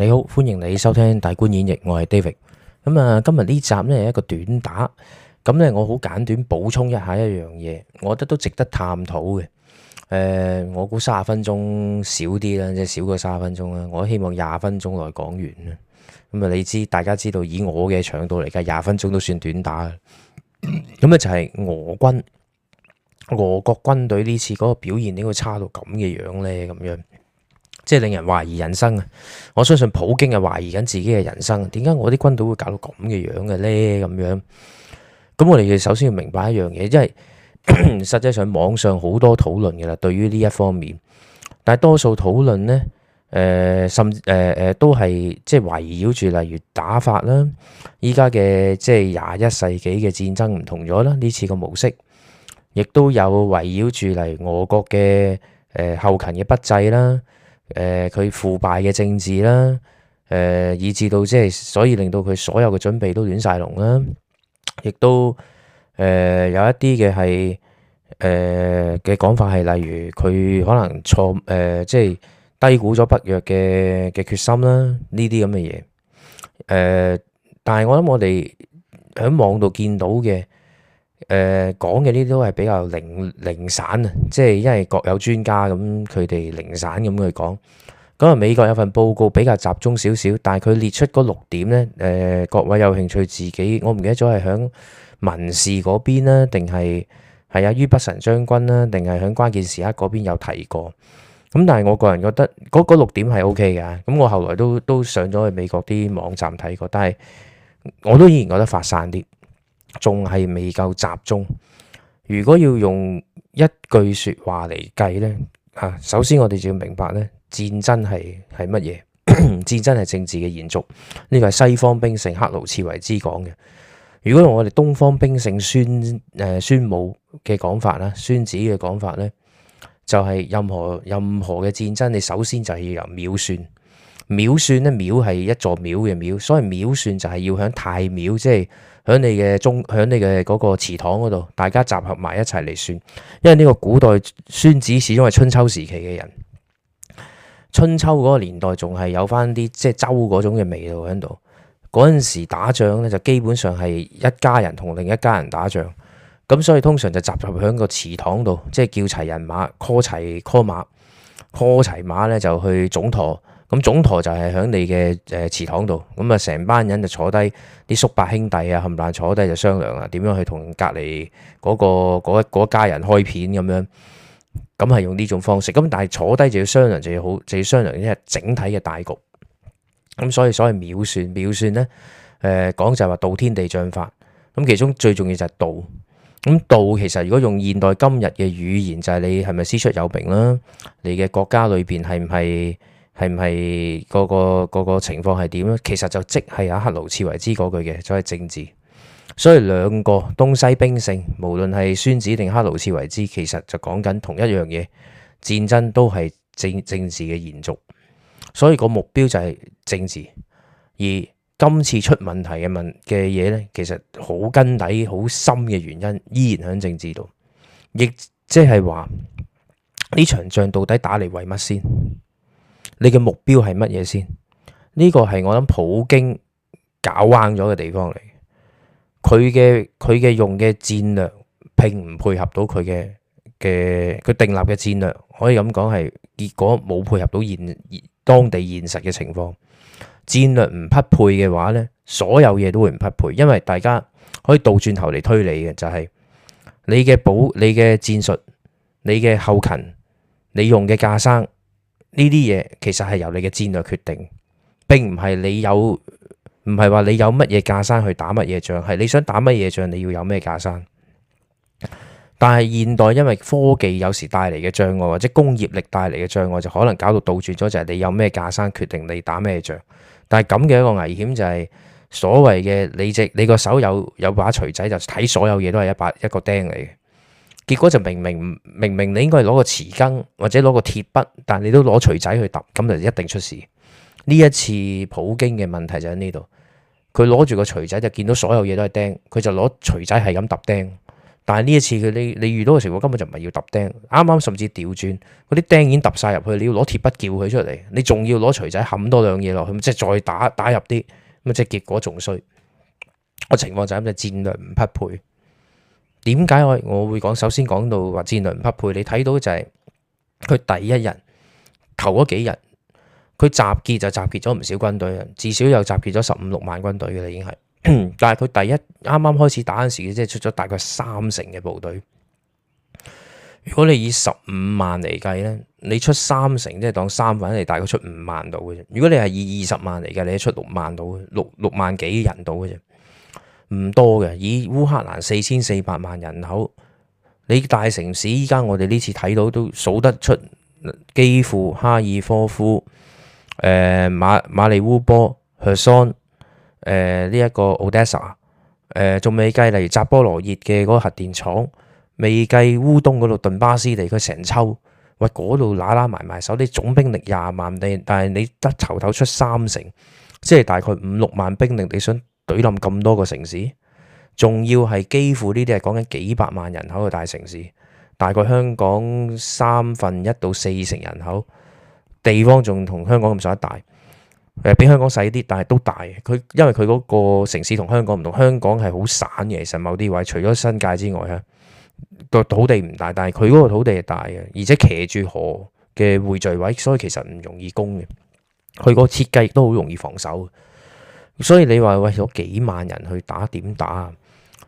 你好，歡迎你收聽大觀演繹，我係 David。咁啊，今日呢集呢係一個短打，咁呢我好簡短補充一下一樣嘢，我覺得都值得探討嘅。誒、呃，我估卅分鐘少啲啦，即係少過卅分鐘啦，我希望廿分鐘來講完啦。咁啊，你知大家知道，以我嘅長度嚟計，廿分鐘都算短打。咁啊， 就係俄軍、俄國軍隊呢次嗰個表現點會差到咁嘅樣咧？咁樣。即係令人懷疑人生啊！我相信普京係懷疑緊自己嘅人生。點解我啲軍隊會搞到咁嘅樣嘅咧？咁樣咁，我哋要首先要明白一樣嘢，因為 實際上網上好多討論嘅啦。對於呢一方面，但係多數討論咧，誒、呃，甚至誒、呃、都係即係圍繞住例如打法啦。依家嘅即係廿一世紀嘅戰爭唔同咗啦，呢次嘅模式亦都有圍繞住嚟俄國嘅誒、呃、後勤嘅不濟啦。誒，佢、呃、腐敗嘅政治啦，誒、呃，以至到即、就、係、是，所以令到佢所有嘅準備都亂晒龍啦，亦都誒、呃、有一啲嘅係誒嘅講法係，例如佢可能錯誒，即、呃、係、就是、低估咗北約嘅嘅決心啦，呢啲咁嘅嘢，誒、呃，但係我諗我哋喺網度見到嘅。誒，講嘅啲都係比較零零散啊，即係因為各有專家咁，佢哋零散咁去講。咁啊，美國有份報告比較集中少少，但係佢列出嗰六點咧，誒、呃，各位有興趣自己，我唔記得咗係響文事嗰邊啦，定係係啊，於北辰將軍啦，定係響關鍵時刻嗰邊有提過。咁但係我個人覺得嗰六點係 OK 噶，咁我後來都都上咗去美國啲網站睇過，但係我都依然覺得發散啲。仲係未夠集中。如果要用一句說話嚟計咧，啊，首先我哋就要明白咧，戰爭係係乜嘢？戰爭係政治嘅延續。呢個係西方兵聖克勞茨維茲講嘅。如果用我哋東方兵聖孫誒孫武嘅講法啦，孫子嘅講法咧，就係、是、任何任何嘅戰爭，你首先就係要由廟算。廟算咧，廟係一座廟嘅廟，所以廟算就係要響太廟，即係。喺你嘅宗，喺你嘅嗰個祠堂嗰度，大家集合埋一齊嚟算，因為呢個古代孫子始終係春秋時期嘅人，春秋嗰個年代仲係有翻啲即係周嗰種嘅味道喺度，嗰陣時打仗呢，就基本上係一家人同另一家人打仗，咁所以通常就集合喺個祠堂度，即係叫齊人馬，call 齊 call 馬，call 齊馬咧就去總討。咁總舵就係喺你嘅誒祠堂度，咁啊成班人就坐低，啲叔伯兄弟啊，冚唪唥坐低就商量啊，點樣去同隔離嗰、那個嗰一家人開片咁樣，咁係用呢種方式。咁但係坐低就要商量，就要好，就要商量呢係整體嘅大局。咁所以所謂秒算秒算咧，誒、呃、講就係話道天地將法。咁其中最重要就係道。咁道其實如果用現代今日嘅語言，就係、是、你係咪師出有名啦？你嘅國家裏邊係唔係？係唔係個個情況係點咧？其實就即係阿克勞茨維之克勞塞維茨嗰句嘅，就係政治。所以兩個東西兵聖，無論係孫子定克勞塞維茨，其實就講緊同一樣嘢，戰爭都係政政治嘅延續。所以個目標就係政治。而今次出問題嘅問嘅嘢呢，其實好根底、好深嘅原因依然喺政治度，亦即係話呢場仗到底打嚟為乜先？你嘅目標係乜嘢先？呢個係我諗普京搞彎咗嘅地方嚟。佢嘅佢嘅用嘅戰略，並唔配合到佢嘅嘅佢定立嘅戰略。可以咁講係，結果冇配合到現現當地現實嘅情況。戰略唔匹配嘅話咧，所有嘢都會唔匹配。因為大家可以倒轉頭嚟推理嘅，就係你嘅保你嘅戰術，你嘅後勤，你用嘅架生。呢啲嘢其實係由你嘅戰略決定，並唔係你有唔係話你有乜嘢架生去打乜嘢仗，係你想打乜嘢仗你要有咩架生。但係現代因為科技有時帶嚟嘅障礙或者工業力帶嚟嘅障礙，就可能搞到倒轉咗，就係、是、你有咩架生決定你打咩仗。但係咁嘅一個危險就係所謂嘅你只你個手有有把錘仔，就睇所有嘢都係一把一個釘嚟嘅。結果就明明明明你應該攞個匙羹或者攞個鐵筆，但你都攞錘仔去揼，咁就一定出事。呢一次普京嘅問題就喺呢度，佢攞住個錘仔就見到所有嘢都係釘，佢就攞錘仔係咁揼釘。但係呢一次佢你你遇到嘅情況根本就唔係要揼釘，啱啱甚至調轉嗰啲釘已經揼晒入去，你要攞鐵筆撬佢出嚟，你仲要攞錘仔冚多兩嘢落去，即係再打打入啲咁即係結果仲衰個情況就咁，就戰略唔匹配。點解我我會講？首先講到話戰略唔匹配，你睇到就係佢第一日頭嗰幾日，佢集結就集結咗唔少軍隊嘅，至少又集結咗十五六萬軍隊嘅啦，已經係。但係佢第一啱啱開始打嗰時，即係出咗大概三成嘅部隊。如果你以十五萬嚟計咧，你出三成即係當三分一，大概出五萬到嘅啫。如果你係以二十萬嚟計，你出六萬到，六六萬幾人到嘅啫。唔多嘅，以烏克蘭四千四百萬人口，你大城市依家我哋呢次睇到都數得出，幾乎哈爾科夫、誒、呃、馬馬利烏波、赫桑、誒呢一個敖德薩，誒仲未計例如扎波羅熱嘅嗰個核電廠，未計烏東嗰度頓巴斯地，佢成抽，喂嗰度嗱嗱埋埋，手，啲總兵力廿萬地，但係你得頭頭出三成，即係大概五六萬兵力，你信？隊冧咁多個城市，仲要係幾乎呢啲係講緊幾百萬人口嘅大城市，大概香港三分一到四成人口，地方仲同香港咁上下大，比香港細啲，但係都大。佢因為佢嗰個城市同香港唔同，香港係好散嘅，其實某啲位除咗新界之外，咧個土地唔大，但係佢嗰個土地係大嘅，而且騎住河嘅匯聚位，所以其實唔容易攻嘅。佢個設計亦都好容易防守。所以你話為咗幾萬人去打點打，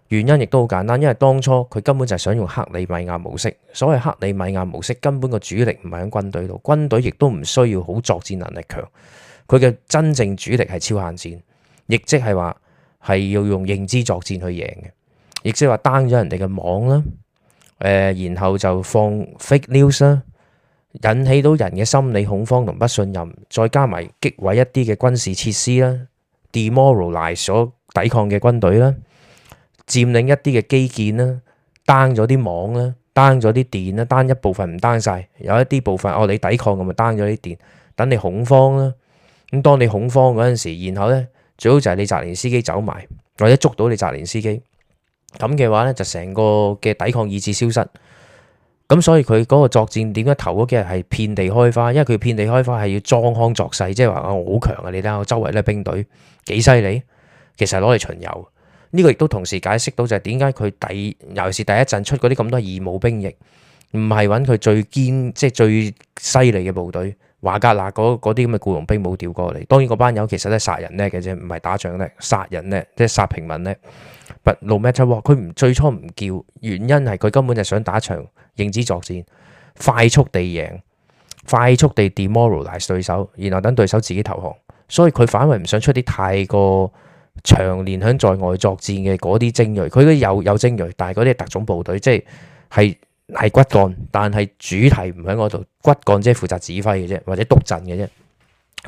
原因亦都好簡單，因為當初佢根本就係想用克里米亞模式。所謂克里米亞模式，根本個主力唔係喺軍隊度，軍隊亦都唔需要好作戰能力強。佢嘅真正主力係超限戰，亦即係話係要用認知作戰去贏嘅，亦即係話 down 咗人哋嘅網啦，誒、呃，然後就放 fake news 啦，引起到人嘅心理恐慌同不信任，再加埋擊毀一啲嘅軍事設施啦。，d e m o r a l i z e 所抵抗嘅軍隊啦，佔領一啲嘅基建啦 d 咗啲網啦 d 咗啲電啦 d 一部分唔 d 晒。有一啲部分哦，你抵抗我咪 d 咗啲電，等你恐慌啦，咁當你恐慌嗰陣時，然後咧最好就係你擲連司機走埋，或者捉到你擲連司機，咁嘅話咧就成個嘅抵抗意志消失。咁、嗯、所以佢嗰個作戰點解頭嗰幾日係遍地開花？因為佢遍地開花係要裝腔作勢，即係話我好強啊！你睇下我周圍咧兵隊幾犀利，其實攞嚟巡遊。呢、這個亦都同時解釋到就係點解佢第尤其是第一陣出嗰啲咁多義務兵役，唔係揾佢最堅即係、就是、最犀利嘅部隊華格納嗰啲咁嘅僱傭兵，冇調過嚟。當然嗰班友其實都係殺人叻嘅啫，唔係打仗叻，殺人叻，即、就、係、是、殺平民叻。But no matter what，佢唔最初唔叫，原因係佢根本就想打場認知作戰，快速地贏，快速地 demoralise 對手，然後等對手自己投降。所以佢反為唔想出啲太過長年響在外作戰嘅嗰啲精鋭。佢都有有精鋭，但係嗰啲係特種部隊，即係係係骨幹，但係主題唔喺嗰度。骨幹即係負責指揮嘅啫，或者督陣嘅啫。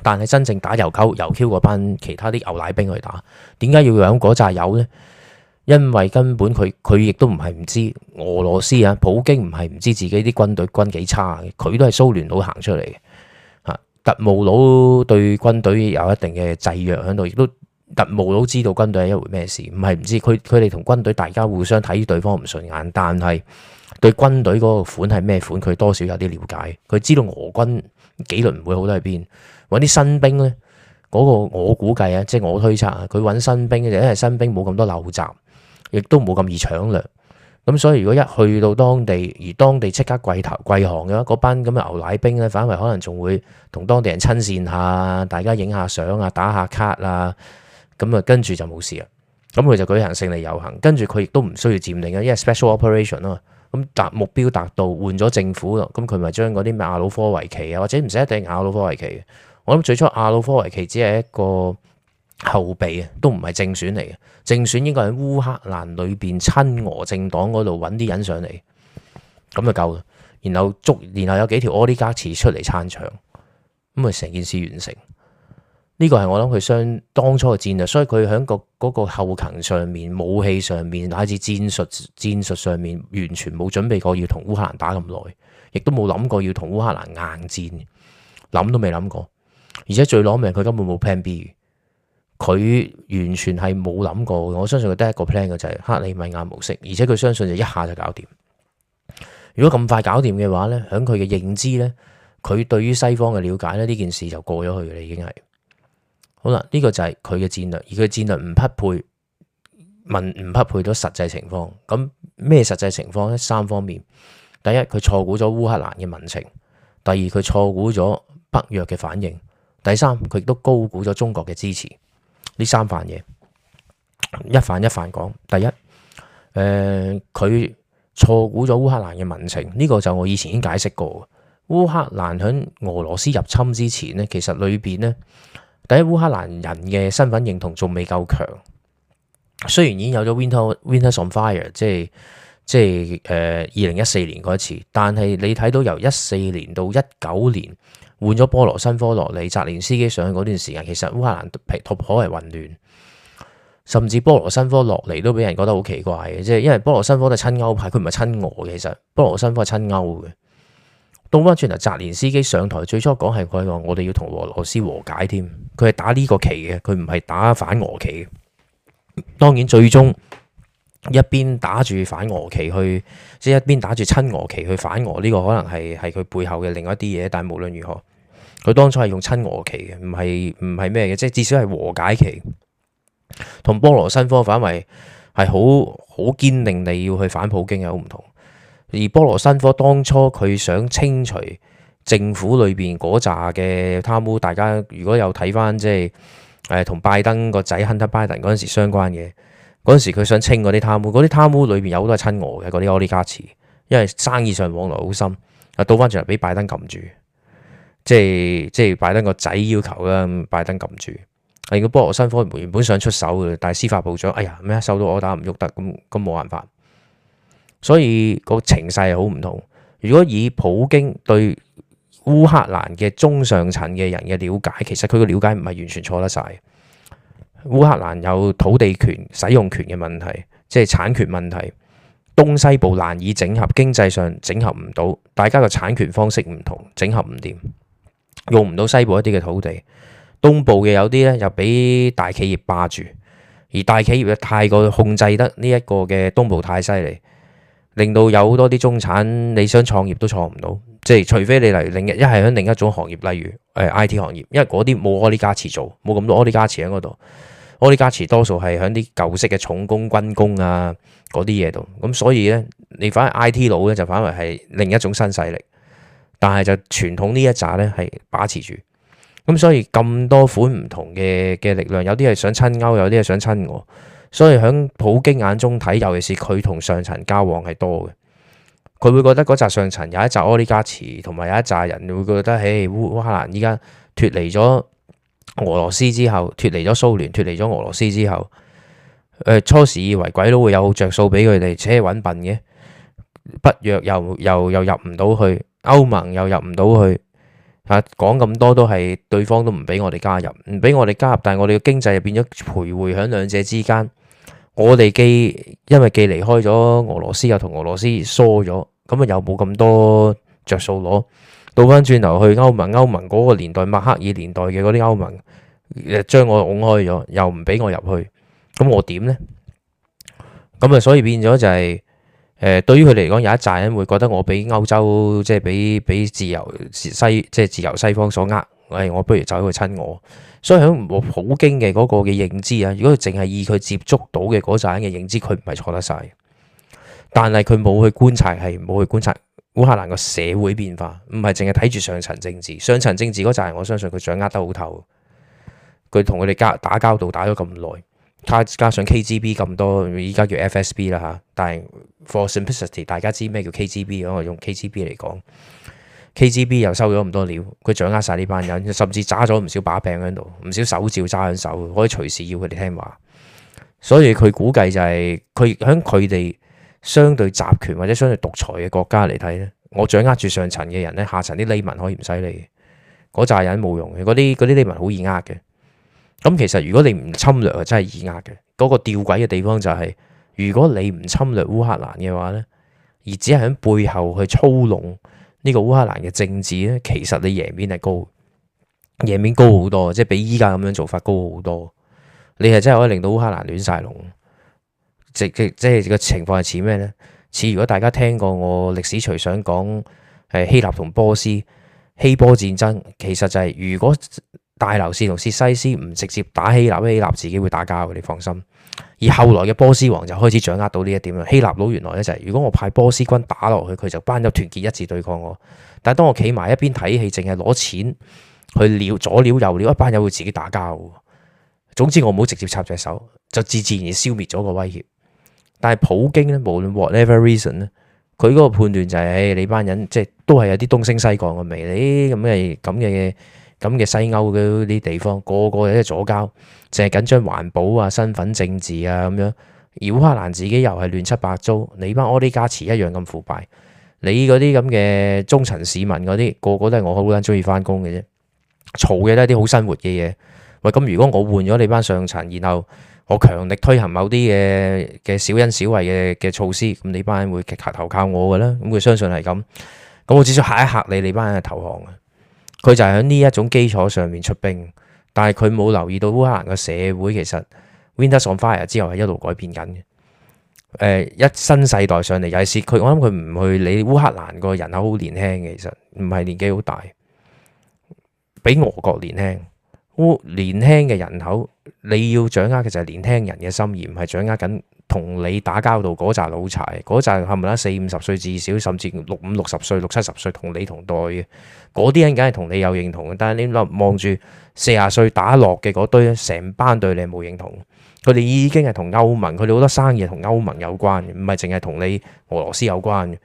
但係真正打油溝油 Q 嗰班，其他啲牛奶兵去打，點解要養嗰扎油呢？因為根本佢佢亦都唔係唔知俄羅斯啊，普京唔係唔知自己啲軍隊軍紀差，佢都係蘇聯佬行出嚟嘅。吓，特務佬對軍隊有一定嘅制約喺度，亦都特務佬知道軍隊係一回咩事，唔係唔知。佢佢哋同軍隊大家互相睇對方唔順眼，但係對軍隊嗰個款係咩款，佢多少有啲了解。佢知道俄軍紀律唔會好得去邊，搵啲新兵咧，嗰、嗰個我估計啊，即係我推測啊，佢搵新兵就因為新兵冇咁多陋習。亦都冇咁易搶掠，咁所以如果一去到當地，而當地即刻跪頭跪降嘅嗰班咁嘅牛奶兵咧，反為可能仲會同當地人親善下，大家影下相啊，打下卡啊，咁啊跟住就冇事啦。咁佢就舉行勝利遊行，跟住佢亦都唔需要佔領啊，因為 special operation 啦。咁達目標達到，換咗政府啦。咁佢咪將嗰啲咩亞努科維奇啊，或者唔使一定亞努科維奇嘅。我諗最初亞努科維奇只係一個。後備啊，都唔係正選嚟嘅，正選應該喺烏克蘭裏邊親俄政黨嗰度揾啲人上嚟，咁就夠啦。然後捉，然後有幾條奧利加茨出嚟撐場，咁啊，成件事完成。呢個係我諗佢相當初嘅戰略，所以佢喺、嗰個嗰、嗰個後勤上面、武器上面，乃至戰術戰術上面，完全冇準備過要同烏克蘭打咁耐，亦都冇諗過要同烏克蘭硬戰，諗都未諗過。而且最攞命，佢根本冇 plan B。佢完全係冇諗過，我相信佢第一個 plan 嘅就係、是、克里米亞模式，而且佢相信就一下就搞掂。如果咁快搞掂嘅話咧，喺佢嘅認知咧，佢對於西方嘅了解咧呢件事就過咗去啦。已經係好啦，呢、這個就係佢嘅戰略，而佢嘅戰略唔匹配民唔匹配到實際情況。咁咩實際情況咧？三方面：第一，佢錯估咗烏克蘭嘅民情；第二，佢錯估咗北約嘅反應；第三，佢亦都高估咗中國嘅支持。呢三番嘢，一番一番講。第一，誒、呃，佢錯估咗烏克蘭嘅民情，呢、這個就我以前已經解釋過。烏克蘭喺俄羅斯入侵之前呢，其實裏邊呢，第一，烏克蘭人嘅身份認同仲未夠強。雖然已經有咗 Winter Winter on Fire，即係即係誒，二零一四年嗰一次，但係你睇到由一四年到一九年。換咗波羅申科落嚟，澤連斯基上去嗰段時間，其實烏克蘭皮頗為混亂，甚至波羅申科落嚟都俾人覺得好奇怪嘅，即係因為波羅申科都係親歐派，佢唔係親俄嘅。其實波羅申科係親歐嘅。倒翻轉頭，澤連斯基上台最初講係佢話：我哋要同俄羅斯和解添。佢係打呢個旗嘅，佢唔係打反俄旗嘅。當然，最終一邊打住反俄旗去，即係一邊打住親俄旗去反俄呢個，可能係係佢背後嘅另外一啲嘢。但係無論如何。佢當初係用親俄旗嘅，唔係唔係咩嘅，即係至少係和解旗。同波羅申科反為係好好堅定地要去反普京嘅好唔同。而波羅申科當初佢想清除政府裏邊嗰扎嘅貪污，大家如果有睇翻即係誒同拜登個仔亨特拜登 e r 嗰時相關嘅嗰陣時，佢想清嗰啲貪污，嗰啲貪污裏面有好多係親俄嘅嗰啲奧利加茨，因為生意上往來好深。啊，倒翻轉嚟俾拜登撳住。即係即係拜登個仔要求啦，拜登撳住。如果波羅申科原本想出手嘅，但係司法部長，哎呀咩啊，收到我、呃、打唔喐得，咁咁冇辦法。所以，個情勢係好唔同。如果以普京對烏克蘭嘅中上層嘅人嘅了解，其實佢嘅了解唔係完全錯得晒。烏克蘭有土地權使用權嘅問題，即係產權問題，東西部難以整合，經濟上整合唔到，大家嘅產權方式唔同，整合唔掂。用唔到西部一啲嘅土地，東部嘅有啲咧又俾大企業霸住，而大企業又太過控制得呢一個嘅東部太犀利，令到有好多啲中產你想創業都創唔到，即係除非你嚟另一一係喺另一種行業，例如誒、呃、I T 行業，因為嗰啲冇柯利加持做，冇咁多柯利加持喺嗰度，柯利加持多數係喺啲舊式嘅重工軍工啊嗰啲嘢度，咁所以咧你反而 I T 佬咧就反為係另一種新勢力。但係就傳統呢一紮呢係把持住，咁所以咁多款唔同嘅嘅力量，有啲係想親歐，有啲係想親俄。所以喺普京眼中睇，尤其是佢同上層交往係多嘅，佢會覺得嗰紮上層有一紮歐尼加詞，同埋有一紮人會覺得，誒，烏克蘭依家脫離咗俄羅斯之後，脫離咗蘇聯，脫離咗俄羅斯之後，誒、呃，初時以為鬼都會有着數俾佢哋，車揾笨嘅，北約又又，又，又入唔到去。歐盟又入唔到去，啊，講咁多都係對方都唔畀我哋加入，唔畀我哋加入，但係我哋嘅經濟又變咗徘徊響兩者之間，我哋既因為既離開咗俄羅斯，又同俄羅斯疏咗，咁啊，又冇咁多着數攞，倒翻轉頭去歐盟，歐盟嗰個年代，默克爾年代嘅嗰啲歐盟，誒將我拱開咗，又唔畀我入去，咁我點咧？咁啊所以變咗就係、是。誒對於佢嚟講，有一紮人會覺得我俾歐洲，即係俾俾自由西，即係自由西方所呃，我不如走去親我。所以喺我普京嘅嗰個嘅認知啊，如果佢淨係以佢接觸到嘅嗰扎人嘅認知，佢唔係錯得晒。但係佢冇去觀察係冇去觀察烏克蘭個社會變化，唔係淨係睇住上層政治。上層政治嗰扎人，我相信佢掌握得好透。佢同佢哋交打交道打咗咁耐。加上 KGB 咁多，依家叫 FSB 啦吓，但係 for simplicity，大家知咩叫 KGB，我用 KGB 嚟講，KGB 又收咗咁多料，佢掌握晒呢班人，甚至揸咗唔少把柄喺度，唔少手照揸喺手，可以隨時要佢哋聽話。所以佢估計就係佢響佢哋相對集權或者相對獨裁嘅國家嚟睇咧，我掌握住上層嘅人咧，下層啲黎民可以唔使理，嗰扎人冇用嘅，嗰啲嗰啲黎民好易呃嘅。咁其實如果你唔侵略啊，真係易壓嘅。嗰、嗰個吊詭嘅地方就係、係、如果你唔侵略烏克蘭嘅話呢，而只係喺背後去操弄呢個烏克蘭嘅政治呢，其實你贏面係高，贏面高好多，即係比依家咁樣做法高好多。你係真係可以令到烏克蘭亂晒龍。即即即係個情況係似咩呢？似如果大家聽過我歷史隨想講希臘同波斯希波戰爭，其實就係如果。大流士同薛西斯唔直接打希臘，希臘自己會打交嘅，你放心。而後來嘅波斯王就開始掌握到呢一點啦。希臘佬原來咧就係、是，如果我派波斯軍打落去，佢就班友團結一致對抗我。但係當我企埋一邊睇戲，淨係攞錢去撩左撩右撩，一班友會自己打交嘅。總之我唔好直接插隻手，就自自然然消滅咗個威脅。但係普京咧，無論 whatever reason 咧、就是，佢嗰個判斷就係，唉，你班人即係都係有啲東升西降嘅味，你咁嘅咁嘅嘢。咁嘅西歐嗰啲地方，個個都係左膠，淨係緊張環保啊、身份政治啊咁樣。烏克蘭自己又係亂七八糟，你班 oligarch 一樣咁腐敗，你嗰啲咁嘅中層市民嗰啲，個個都係我好撚中意翻工嘅啫。嘈嘅都係啲好生活嘅嘢。喂，咁如果我換咗你班上層，然後我強力推行某啲嘅嘅小恩小惠嘅嘅措施，咁你班人會投靠我㗎啦。咁佢相信係咁，咁我只需要嚇一嚇你，你班人係投降啊！佢就係喺呢一種基礎上面出兵，但係佢冇留意到烏克蘭嘅社會其實 Winter on Fire 之後係一路改變緊嘅。誒、呃，一新世代上嚟，尤其是佢，我諗佢唔去理烏克蘭個人口好年輕嘅，其實唔係年紀好大，比俄國年輕。烏年輕嘅人口，你要掌握嘅就係年輕人嘅心，而唔係掌握緊。同你打交道嗰扎老柴，嗰扎係咪啦？四五十歲至少，甚至六五六十歲、六七十歲同你同代嘅嗰啲人，梗係同你有認同。但係你望住四十歲打落嘅嗰堆，成班對你冇認同。佢哋已經係同歐盟，佢哋好多生意同歐盟有關，唔係淨係同你俄羅斯有關。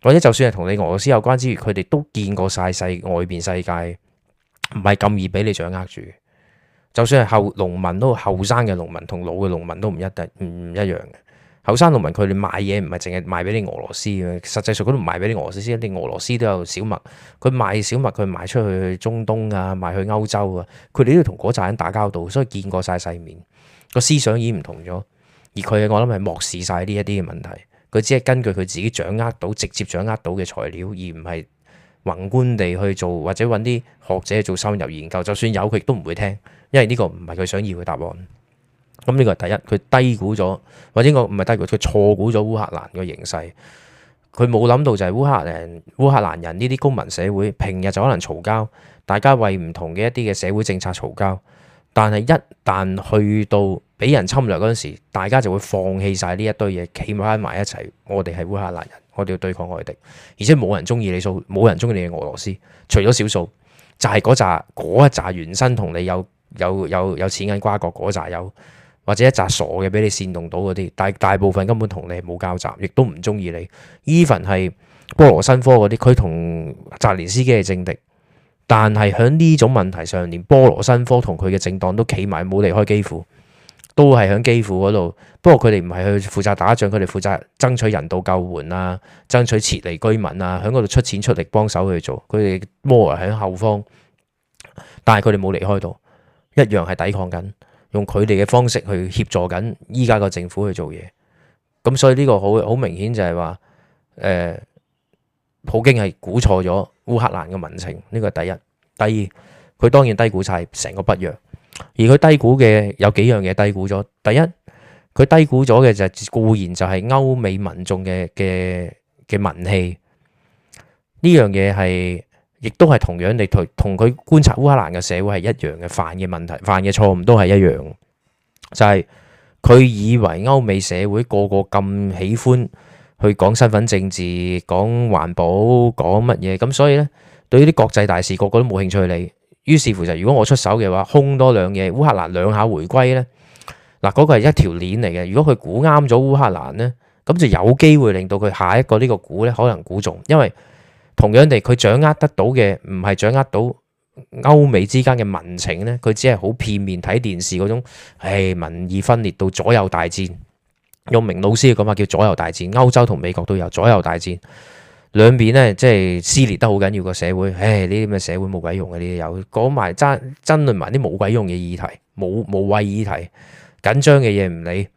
或者就算係同你俄羅斯有關之餘，佢哋都見過晒世外邊世界，唔係咁易俾你掌握住。就算係後農，農，農民都後生嘅農民同老嘅農民都唔一定唔一樣嘅，後生農民佢哋買嘢唔係淨係賣俾啲俄羅斯嘅，實際上佢都唔賣俾啲俄羅斯先，啲俄羅斯都有小麥，佢賣小麥，佢賣出去去中東啊，賣去歐洲啊，佢哋都同嗰扎人打交道，所以見過晒世面，個思想已經唔同咗。而佢我諗係漠視晒呢一啲嘅問題，佢只係根據佢自己掌握到直接掌握到嘅材料，而唔係宏觀地去做或者揾啲學者做深入研究。就算有，佢亦都唔會聽。因為呢個唔係佢想要嘅答案，咁、這、呢個係第一，佢低估咗，或者呢個唔係低估，佢錯估咗烏克蘭嘅形勢。佢冇諗到就係烏克蘭，烏克蘭人呢啲公民社會平日就可能嘈交，大家為唔同嘅一啲嘅社會政策嘈交。但係一旦去到俾人侵略嗰陣時，大家就會放棄晒呢一堆嘢，企返埋一齊。我哋係烏克蘭人，我哋要對抗外敵，而且冇人中意你數，冇人中意你嘅俄羅斯，除咗少數，就係嗰扎，嗰一紮原身同你有。有有有錢銀瓜葛嗰扎，有或者一扎傻嘅俾你煽動到嗰啲，但係大部分根本同你冇交集，亦都唔中意你。even 係波羅申科嗰啲，佢同澤連斯基係政敵，但係喺呢種問題上，連波羅申科同佢嘅政黨都企埋，冇離開基輔，都係喺基輔嗰度。不過佢哋唔係去負責打仗，佢哋負責爭取人道救援啊，爭取撤離居民啊，喺嗰度出錢出力幫手去做。佢哋摸埋喺後方，但係佢哋冇離開到。一樣係抵抗緊，用佢哋嘅方式去協助緊而家個政府去做嘢。咁所以呢個好好明顯就係話，誒、呃、普京係估錯咗烏克蘭嘅民情，呢個係第一。第二，佢當然低估晒成個北約，而佢低估嘅有幾樣嘢低估咗。第一，佢低估咗嘅就係、固然就係歐美民眾嘅嘅嘅民氣呢樣嘢係。亦都係同樣地同同佢觀察烏克蘭嘅社會係一樣嘅，犯嘅問題、犯嘅錯誤都係一樣，就係佢以為歐美社會個個咁喜歡去講身份政治、講環保、講乜嘢，咁所以呢對呢啲國際大事個個都冇興趣理。於是乎就，如果我出手嘅話，空多兩嘢，烏克蘭兩下回歸呢，嗱嗰個係一條鏈嚟嘅。如果佢估啱咗烏克蘭呢，咁就有機會令到佢下一個呢個估呢可能估中，因為。同樣地，佢掌握得到嘅唔係掌握到歐美之間嘅民情咧，佢只係好片面睇電視嗰種、哎。民意分裂到左右大戰，用明老師嘅講法叫左右大戰，歐洲同美國都有左右大戰。兩邊咧即係撕裂得好緊要、這個社會。誒、哎，呢啲咁嘅社會冇鬼用嘅、啊，呢啲有講埋爭爭論埋啲冇鬼用嘅議題，冇冇謂議題，緊張嘅嘢唔理。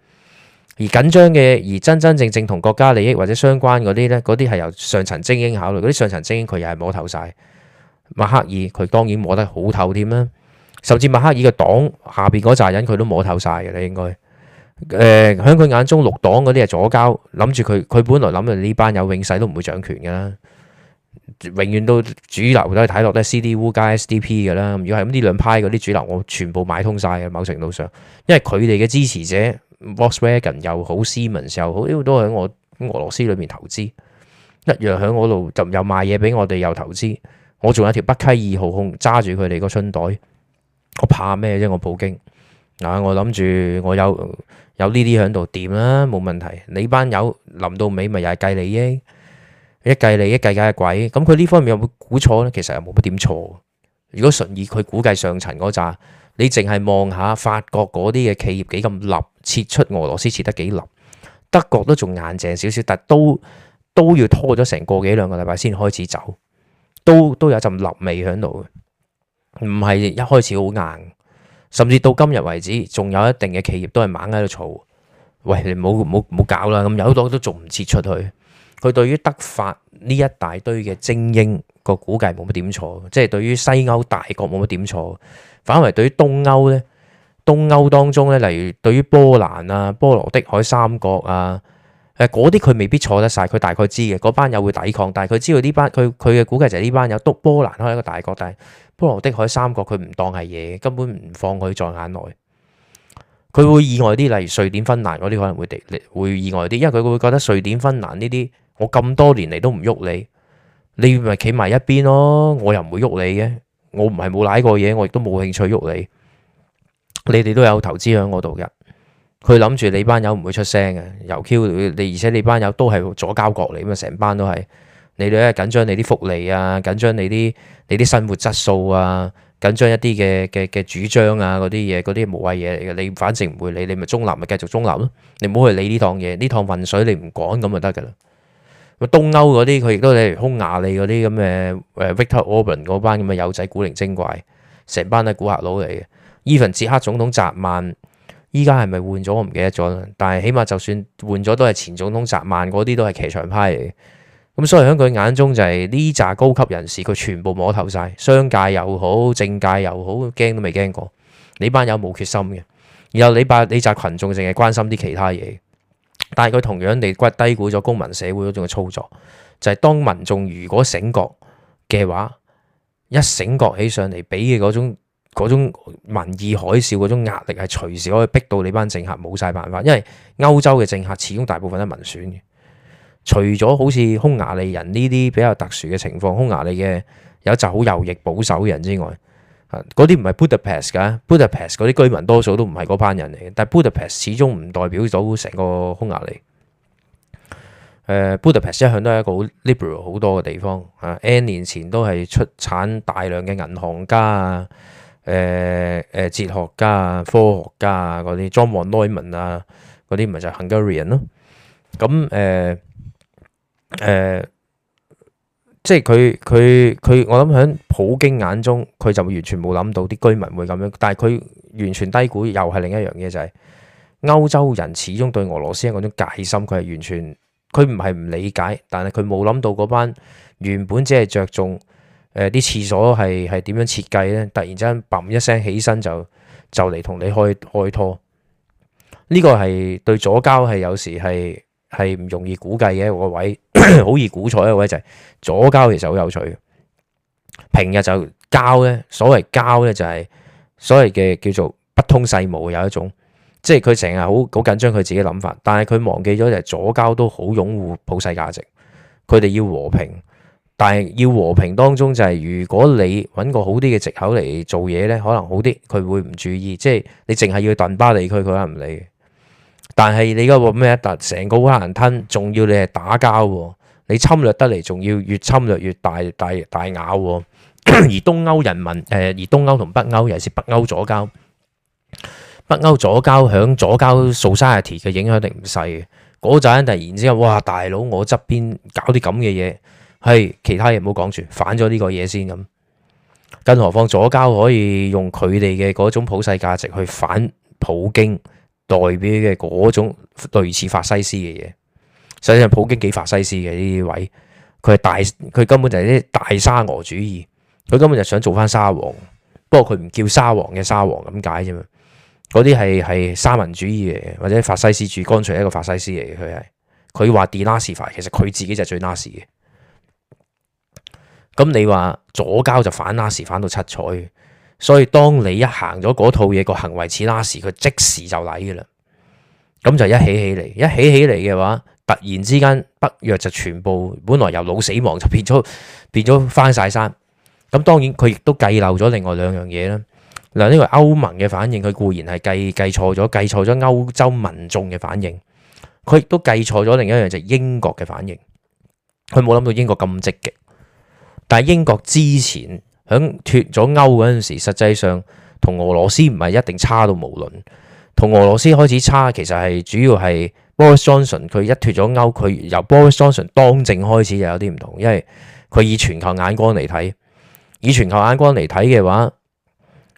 而緊張嘅，而真真正正同國家利益或者相關嗰啲咧，嗰啲係由上層精英考慮。嗰啲上層精英佢又係摸透晒，默克爾佢當然摸得好透添啦，甚至默克爾嘅黨下邊嗰扎人佢都摸透晒嘅咧。應該，誒喺佢眼中綠黨嗰啲係左膠，諗住佢，佢本來諗住呢班友永世都唔會掌權㗎啦，永遠都主流都係睇落都係 CDU 加 SDP 㗎啦。如果係咁呢兩派嗰啲主流，我全部買通晒嘅。某程度上，因為佢哋嘅支持者。o s Volkswagen 又好，Siemens 又好，呢啲都喺我俄羅斯裏面投資一樣喺我度，就又賣嘢俾我哋，又投資。我仲有條北溪二號控揸住佢哋個春袋，我怕咩啫？我普京嗱、啊，我諗住我有有呢啲喺度掂啦，冇問題。你班友臨到尾咪又係計利益啫，一計利益一計解嘅鬼咁。佢呢方面有冇估錯咧？其實又冇乜點錯。如果純以佢估計上層嗰扎，你淨係望下法國嗰啲嘅企業幾咁立。撤出俄羅斯撤得幾立，德國都仲硬淨少少，但都都要拖咗成個幾兩個禮拜先開始走，都都有陣立味喺度嘅，唔係一開始好硬，甚至到今日為止，仲有一定嘅企業都係猛喺度嘈，喂，你唔好唔好唔好搞啦，咁有好多都仲唔撤出去，佢對於德法呢一大堆嘅精英個估計冇乜點錯，即係對於西歐大國冇乜點錯，反為對於東歐呢。東歐當中咧，例如對於波蘭啊、波羅的海三國啊，誒嗰啲佢未必坐得晒。佢大概知嘅嗰班友會抵抗，但係佢知道呢班佢佢嘅估計就係呢班友。督波蘭係一個大國，但係波羅的海三國佢唔當係嘢，根本唔放佢在眼內。佢會意外啲，例如瑞典、芬蘭嗰啲可能會敵，會意外啲，因為佢會覺得瑞典、芬蘭呢啲我咁多年嚟都唔喐你，你咪企埋一邊咯，我又唔會喐你嘅。我唔係冇舐過嘢，我亦都冇興趣喐你。你哋都有投資喺我度㗎，佢諗住你班友唔會出聲㗎，由 Q 你，而且你班友都係左膠角嚟，咁啊成班都係你哋都係緊張你啲福利啊，緊張你啲你啲生活質素啊，緊張一啲嘅嘅嘅主張啊嗰啲嘢，嗰啲無謂嘢，你反正唔會理，你咪中立咪繼續中立咯，你唔好去理呢趟嘢，呢趟混水你唔趕咁就得噶啦。咁東歐嗰啲佢亦都係匈牙利嗰啲咁嘅誒 Victor Orban 嗰班咁嘅友仔古靈精怪，成班都係古惑佬嚟嘅。伊凡捷克總統澤曼，依家係咪換咗我唔記得咗啦。但係起碼就算換咗，都係前總統澤曼嗰啲都係騎牆派嚟嘅。咁所以喺佢眼中就係呢紮高級人士，佢全部摸透晒：商界又好，政界又好，驚都未驚過。你班友冇決心嘅。然後你班你紮群眾淨係關心啲其他嘢，但係佢同樣地低估咗公民社會嗰種嘅操作，就係、是、當民眾如果醒覺嘅話，一醒覺起上嚟，俾嘅嗰種。嗰種民意海嘯，嗰種壓力係隨時可以逼到你班政客冇晒辦法，因為歐洲嘅政客始終大部分都係民選嘅。除咗好似匈牙利人呢啲比較特殊嘅情況，匈牙利嘅有一集好右翼保守人之外，嗰啲唔係布達佩斯㗎。布達佩斯嗰啲居民多數都唔係嗰班人嚟嘅，但係 Budapest 始終唔代表到成個匈牙利。呃、Budapest 一向都係一個好 liberal 好多嘅地方。啊，N 年前都係出產大量嘅銀行家啊。誒誒、呃、哲學家啊、科學家啊嗰啲，John von Neumann 啊嗰啲，咪就係 Hungarian 咯。咁誒誒，即係佢佢佢，我諗喺普京眼中，佢就完全冇諗到啲居民會咁樣，但係佢完全低估，又係另一樣嘢就係、是、歐洲人始終對俄羅斯人嗰種戒心，佢係完全佢唔係唔理解，但係佢冇諗到嗰班原本只係着重。誒啲、呃、廁所係係點樣設計咧？突然之間，砰一聲起身就就嚟同你開開拖。呢個係對左膠係有時係係唔容易估計嘅一個位，好 易估錯一個位就係左膠，其實好有趣。平日就膠咧，所謂膠咧就係所謂嘅叫做不通世務有一種，即係佢成日好好緊張佢自己諗法，但係佢忘記咗就係左膠都好擁護普世價值，佢哋要和平。但係要和平，當中就係如果你揾個好啲嘅藉口嚟做嘢呢，可能好啲，佢會唔注意。即係你淨係要燉巴地區，佢可能唔理。但係你而家話咩？但成個烏克蘭吞，仲要你係打交喎，你侵略得嚟，仲要越侵略越大，大大，大咬。而東歐人民誒，而東歐同、呃、北歐尤其是北歐左膠，北歐左膠響左膠蘇薩提嘅影響力唔細。嗰陣突然之間，哇大佬，我側邊搞啲咁嘅嘢。係其他嘢，唔好講住，反咗呢個嘢先咁。更何況左膠可以用佢哋嘅嗰種普世價值去反普京代表嘅嗰種類似法西斯嘅嘢。實際上普京幾法西斯嘅呢位，佢係大佢根本就係啲大沙俄主義，佢根本就想做翻沙皇。不過佢唔叫沙皇嘅沙皇咁解啫嘛。嗰啲係係沙文主義嚟嘅，或者法西斯主，乾脆係一個法西斯嚟嘅。佢係佢話 de nazi 化其實佢自己就最 nazi 嘅。咁你話左膠就反拉時反到七彩，所以當你一行咗嗰套嘢，個行為似拉時，佢即時就嚟嘅啦。咁就一起起嚟，一起起嚟嘅話，突然之間北約就全部本來由腦死亡就變咗變咗返晒生。咁當然佢亦都計漏咗另外兩樣嘢啦。嗱，呢個歐盟嘅反應，佢固然係計計錯咗，計錯咗歐洲民眾嘅反應，佢亦都計錯咗另一樣就係英國嘅反應。佢冇諗到英國咁積極。但英國之前響脱咗歐嗰陣時，實際上同俄羅斯唔係一定差到無論，同俄羅斯開始差，其實係主要係 Boris Johnson 佢一脱咗歐，佢由 Boris Johnson 當政開始就有啲唔同，因為佢以全球眼光嚟睇，以全球眼光嚟睇嘅話，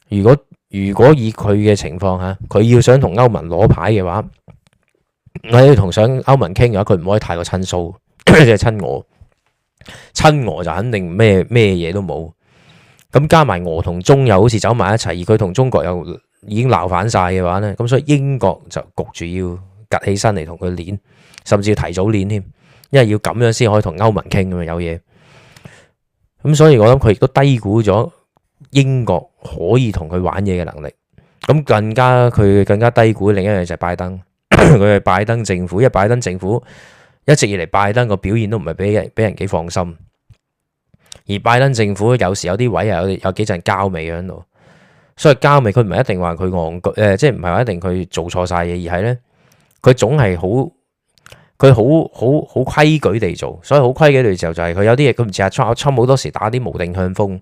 如果如果以佢嘅情況下，佢要想同歐盟攞牌嘅話，佢要想同歐盟傾嘅話，佢唔可以太過親蘇，即係親俄。親俄就肯定咩咩嘢都冇，咁加埋俄同中又好似走埋一齊，而佢同中國又已經鬧反晒嘅話呢。咁所以英國就焗住要夾起身嚟同佢練，甚至要提早練添，因為要咁樣先可以同歐盟傾啊嘛，有嘢。咁所以我諗佢亦都低估咗英國可以同佢玩嘢嘅能力，咁更加佢更加低估另一樣就係拜登，佢係 拜登政府，因為拜登政府。一直以嚟，拜登個表現都唔係俾人俾人幾放心。而拜登政府有時有啲位又有有幾陣交味喺度，所以交味佢唔係一定話佢戇居誒，即係唔係話一定佢做錯晒嘢，而係咧佢總係好佢好好好規矩地做，所以好規矩嘅時候就係佢有啲嘢佢唔似阿阿侵好多時打啲無定向風，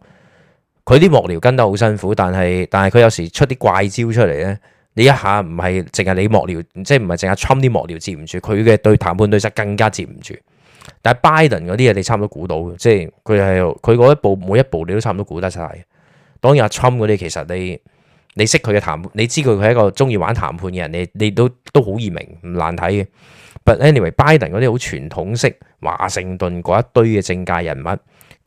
佢啲幕僚跟得好辛苦，但係但係佢有時出啲怪招出嚟咧。你一下唔係淨係你幕僚，即係唔係淨係 Trump 啲幕僚接唔住，佢嘅對談判對手更加接唔住。但係 Biden 嗰啲嘢你差唔多估到，即係佢係佢嗰一步每一步你都差唔多估得曬。當然阿 Trump 嗰啲其實你你識佢嘅談判，你知佢佢係一個中意玩談判嘅人，你你都都好易明，唔難睇嘅。But anyway，Biden 嗰啲好傳統式，華盛頓嗰一堆嘅政界人物，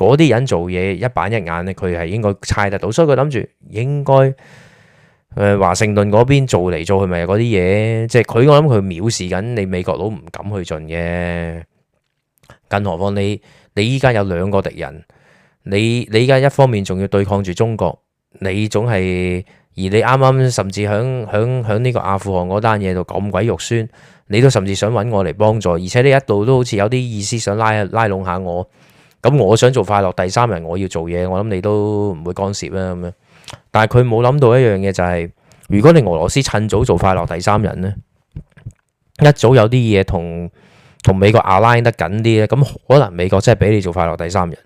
嗰啲人做嘢一板一眼咧，佢係應該猜得到，所以佢諗住應該。誒，呃、華盛頓嗰邊做嚟做去咪嗰啲嘢，即係佢我諗佢藐視緊你美國佬唔敢去盡嘅，更何況你你依家有兩個敵人，你你依家一方面仲要對抗住中國，你總係而你啱啱甚至響響響呢個阿富汗嗰單嘢度咁鬼肉酸，你都甚至想揾我嚟幫助，而且你一度都好似有啲意思想拉拉攏下我，咁我想做快樂第三人，我要做嘢，我諗你都唔會干涉啦咁樣。但係佢冇諗到一樣嘢就係、是，如果你俄羅斯趁早做快樂第三人呢，一早有啲嘢同同美國 align 得緊啲咧，咁、嗯、可能美國真係俾你做快樂第三人。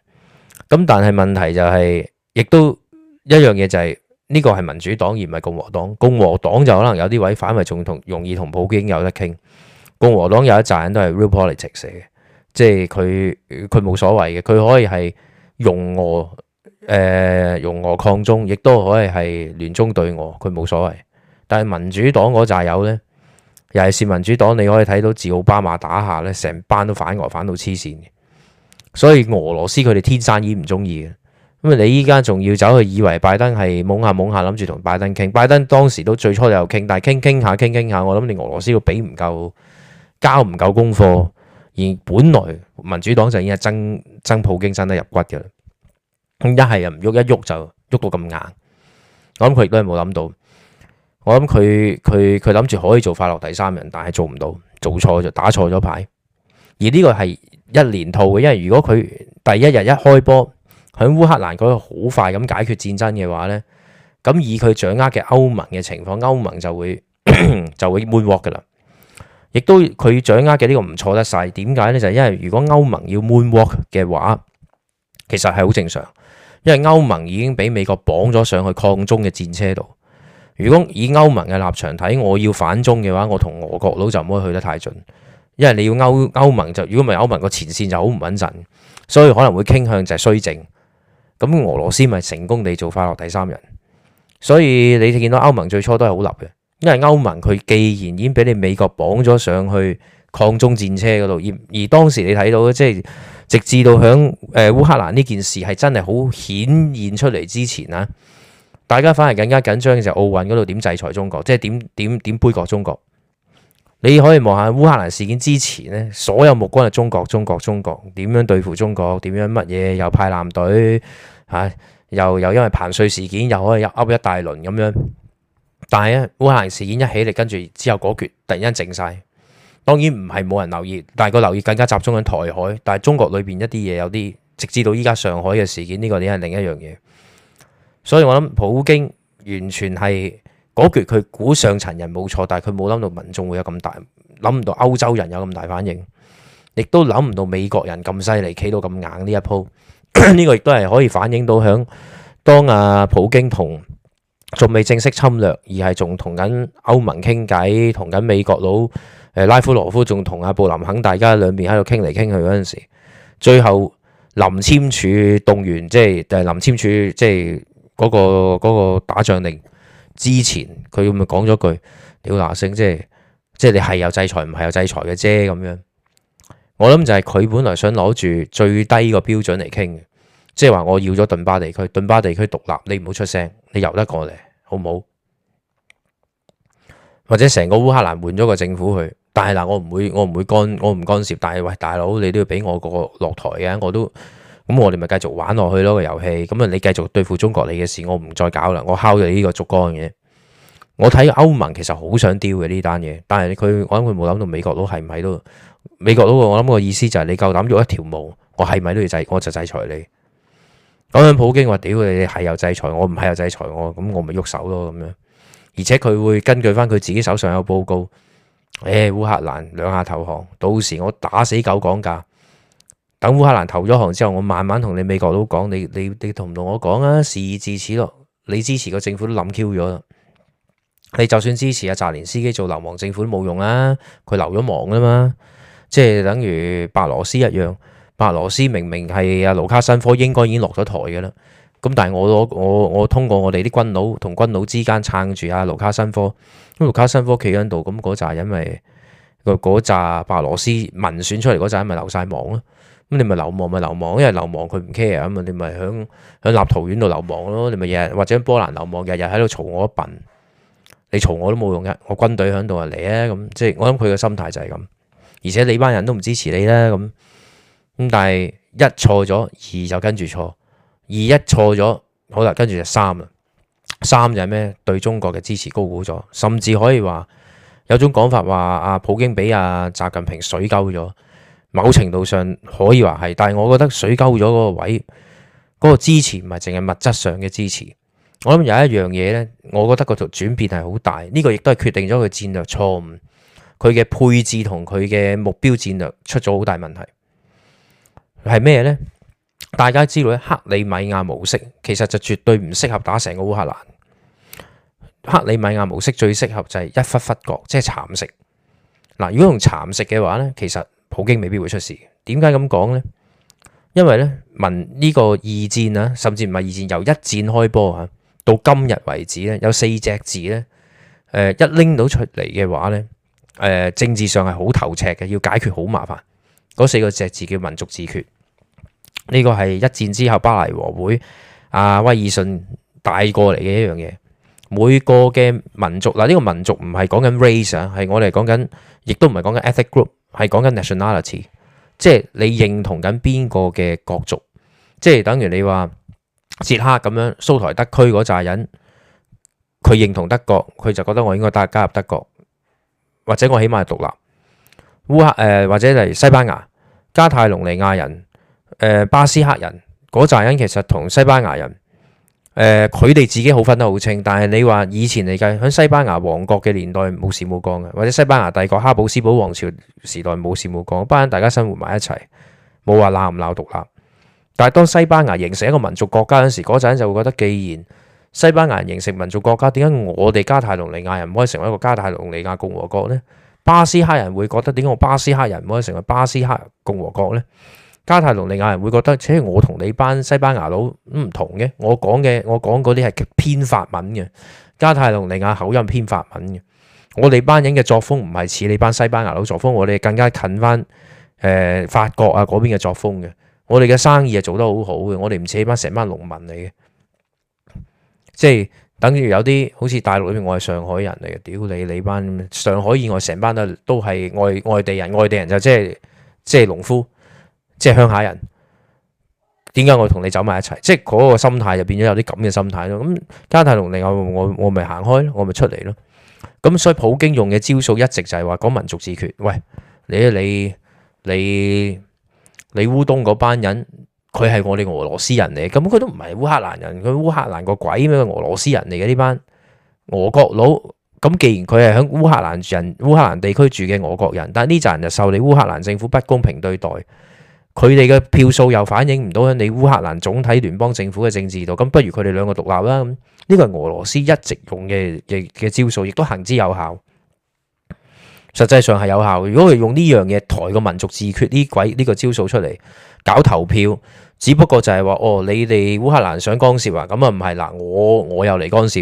咁、嗯、但係問題就係、是，亦都一樣嘢就係呢個係民主黨而唔係共和黨，共和黨就可能有啲位反為仲同容易同普京有得傾，共和黨有一紮人都係 Realpolitik 嚟嘅，即係佢佢冇所謂嘅，佢可以係用俄。誒，聯俄抗中亦都可以係聯中對俄，佢冇所謂。但係民主黨嗰紮友呢？又係視民主黨，你可以睇到自奧巴馬打下呢，成班都反俄反到黐線。所以俄羅斯佢哋天生已唔中意嘅。咁你依家仲要走去以為拜登係懵下懵下諗住同拜登傾，拜登當時都最初有傾，但係傾傾下傾傾下，我諗你俄羅斯都俾唔夠，交唔夠功課，而本來民主黨就已經係憎憎普京憎得入骨嘅。一係又唔喐，一喐就喐到咁硬。我諗佢亦都係冇諗到，我諗佢佢佢諗住可以做快樂第三人，但係做唔到，做錯就打錯咗牌。而呢個係一連套嘅，因為如果佢第一日一開波，響烏克蘭嗰度好快咁解決戰爭嘅話呢，咁以佢掌握嘅歐盟嘅情況，歐盟就會 就會 moonwalk 噶啦。亦都佢掌握嘅呢個唔錯得晒。點解呢？就係因為如果歐盟要 moonwalk 嘅話，其實係好正常。因為歐盟已經俾美國綁咗上去抗中嘅戰車度，如果以歐盟嘅立場睇，我要反中嘅話，我同俄國佬就唔可以去得太盡，因為你要歐歐盟就如果唔係歐盟個前線就好唔穩陣，所以可能會傾向就係綏靖。咁俄羅斯咪成功地做快樂第三人，所以你見到歐盟最初都係好立嘅，因為歐盟佢既然已經俾你美國綁咗上去。抗中戰車嗰度，而而當時你睇到咧，即係直至到響誒烏克蘭呢件事係真係好顯現出嚟之前啦，大家反而更加緊張嘅就是、奧運嗰度點制裁中國，即係點點點杯葛中國。你可以望下烏克蘭事件之前呢，所有目光係中國、中國、中國，點樣對付中國，點樣乜嘢又派艦隊嚇、啊，又又因為彭帥事件又可以又噏一大輪咁樣。但係咧，烏克蘭事件一起嚟，跟住之後嗰橛突然間靜晒。當然唔係冇人留意，但係個留意更加集中喺台海。但係中國裏邊一啲嘢，有啲，直至到依家上海嘅事件，呢個啲係另一樣嘢。所以我諗普京完全係果決，佢估上層人冇錯，但係佢冇諗到民眾會有咁大，諗唔到歐洲人有咁大反應，亦都諗唔到美國人咁犀利企到咁硬呢一鋪。呢、 個亦都係可以反映到響當阿普京同仲未正式侵略，而係仲同緊歐盟傾偈，同緊美國佬。誒拉夫羅夫仲同阿布林肯大家兩邊喺度傾嚟傾去嗰陣時，最後臨簽署動員，即係誒臨簽署即係嗰、嗰個嗰個打仗令之前，佢咪講咗句屌嗱聲，即係即係你係有制裁唔係有制裁嘅啫咁樣。我諗就係佢本來想攞住最低個標準嚟傾嘅，即係話我要咗頓巴地區，頓巴地區獨立，你唔好出聲，你由得過嚟，好唔好？或者成個烏克蘭換咗個政府去。但係嗱，我唔會我唔會干，我唔干涉，但係喂大佬，你都要俾我個落台嘅，我都咁我哋咪繼續玩落去咯個遊戲，咁啊你繼續對付中國你嘅事，我唔再搞啦，我敲咗你呢個竹竿嘅。我睇歐盟其實好想丟嘅呢單嘢，但係佢我諗佢冇諗到美國佬係唔係都美國佬。我諗個意思就係你夠膽喐一條毛，我係咪都要制我就制裁你。咁樣普京話屌、哎、你係有制裁，我唔係有制裁我，咁我咪喐手咯咁樣。而且佢會根據翻佢自己手上有報告。誒，烏克蘭兩下投降，到時我打死狗講價，等烏克蘭投咗降之後，我慢慢同你美國佬講，你你你同唔同我講啊？事已至此咯，你支持個政府都諗 Q 咗啦，你就算支持阿澤連斯基做流亡政府都冇用啊，佢流咗亡啦嘛，即係等於白羅斯一樣，白羅斯明明係阿盧卡申科應該已經落咗台噶啦。咁但係我我我通過我哋啲軍佬同軍佬之間撐住阿盧卡申科，咁盧卡申科企喺度，咁嗰扎人咪嗰紮白羅斯民選出嚟，嗰紮咪流晒亡咯，咁你咪流亡咪流，流亡，因為流亡佢唔 care，咁啊你咪響響立陶宛度流亡咯，你咪日日或者波蘭流亡，日日喺度嘈我一笨，你嘈我都冇用嘅，我軍隊響度啊嚟啊咁，即係、就是、我諗佢嘅心態就係咁，而且你班人都唔支持你啦咁，咁但係一錯咗，二就跟住錯。二一錯咗，好啦，跟住就三啦。三就係咩？對中國嘅支持高估咗，甚至可以話有種講法話阿普京俾阿習近平水溝咗。某程度上可以話係，但係我覺得水溝咗嗰個位，嗰個支持唔係淨係物質上嘅支持。我諗有一樣嘢咧，我覺得個轉變係好大。呢個亦都係決定咗佢戰略錯誤，佢嘅配置同佢嘅目標戰略出咗好大問題。係咩咧？大家知道，克里米亞模式其實就絕對唔適合打成個烏克蘭。克里米亞模式最適合就係一忽忽國，即係蠶食。嗱，如果用蠶食嘅話咧，其實普京未必會出事。點解咁講呢？因為咧，民呢、這個二戰啊，甚至唔係二戰，由一戰開波啊，到今日為止咧，有四隻字咧，誒、呃、一拎到出嚟嘅話咧，誒、呃、政治上係好頭赤嘅，要解決好麻煩。嗰四個字叫民族自決。呢個係一戰之後巴黎和會，阿、啊、威爾信帶過嚟嘅一樣嘢。每個嘅民族嗱，呢、這個民族唔係講緊 race 啊，係我哋講緊，亦都唔係講緊 ethnic group，係講緊 nationality，即係你認同緊邊個嘅國族，即係等於你話捷克咁樣蘇台德區嗰扎人，佢認同德國，佢就覺得我應該加入德國，或者我起碼係獨立。烏克誒、呃、或者係西班牙加泰隆尼亞人。誒、呃，巴斯克人嗰陣人其實同西班牙人，誒、呃，佢哋自己好分得好清。但係你話以前嚟計，喺西班牙王國嘅年代冇事冇講嘅，或者西班牙帝國哈布斯堡王朝時代冇事冇講，班人大家生活埋一齊，冇話鬧唔鬧獨立。但係當西班牙形成一個民族國家嗰陣，就會覺得既然西班牙人形成民族國家，點解我哋加泰隆尼亞人唔可以成為一個加泰隆尼亞共和國呢？巴斯克人會覺得點解我巴斯克人唔可以成為巴斯克共和國呢？加泰隆尼亞人會覺得，即係我同你班西班牙佬唔同嘅。我講嘅，我講嗰啲係偏法文嘅，加泰隆尼亞口音偏法文嘅。我哋班人嘅作風唔係似你班西班牙佬作風，我哋更加近翻誒法國啊嗰邊嘅作風嘅。我哋嘅生意係做得好好嘅，我哋唔似你班成班農民嚟嘅，即係等於有啲好似大陸裏邊，我係上海人嚟嘅。屌你，你班上海以外成班都都係外外地人，外地人就即係即係農夫。即係鄉下人，點解我同你走埋一齊？即係嗰個心態就變咗有啲咁嘅心態咯。咁加泰龍另外我我咪行開咯，我咪出嚟咯。咁所以普京用嘅招數一直就係話講民族自決。喂，你你你你烏東嗰班人，佢係我哋俄羅斯人嚟，咁佢都唔係烏克蘭人，佢烏克蘭個鬼咩俄羅斯人嚟嘅呢班俄國佬。咁既然佢係響烏克蘭人烏克蘭地區住嘅俄國人，但呢紮人就受你烏克蘭政府不公平對待。佢哋嘅票數又反映唔到喺你烏克蘭總體聯邦政府嘅政治度，咁不如佢哋兩個獨立啦。呢個係俄羅斯一直用嘅嘅招數，亦都行之有效。實際上係有效。如果佢用呢樣嘢抬個民族自決呢鬼呢個招數出嚟搞投票，只不過就係話哦，你哋烏克蘭想干涉啊，咁啊唔係嗱，我我又嚟干涉，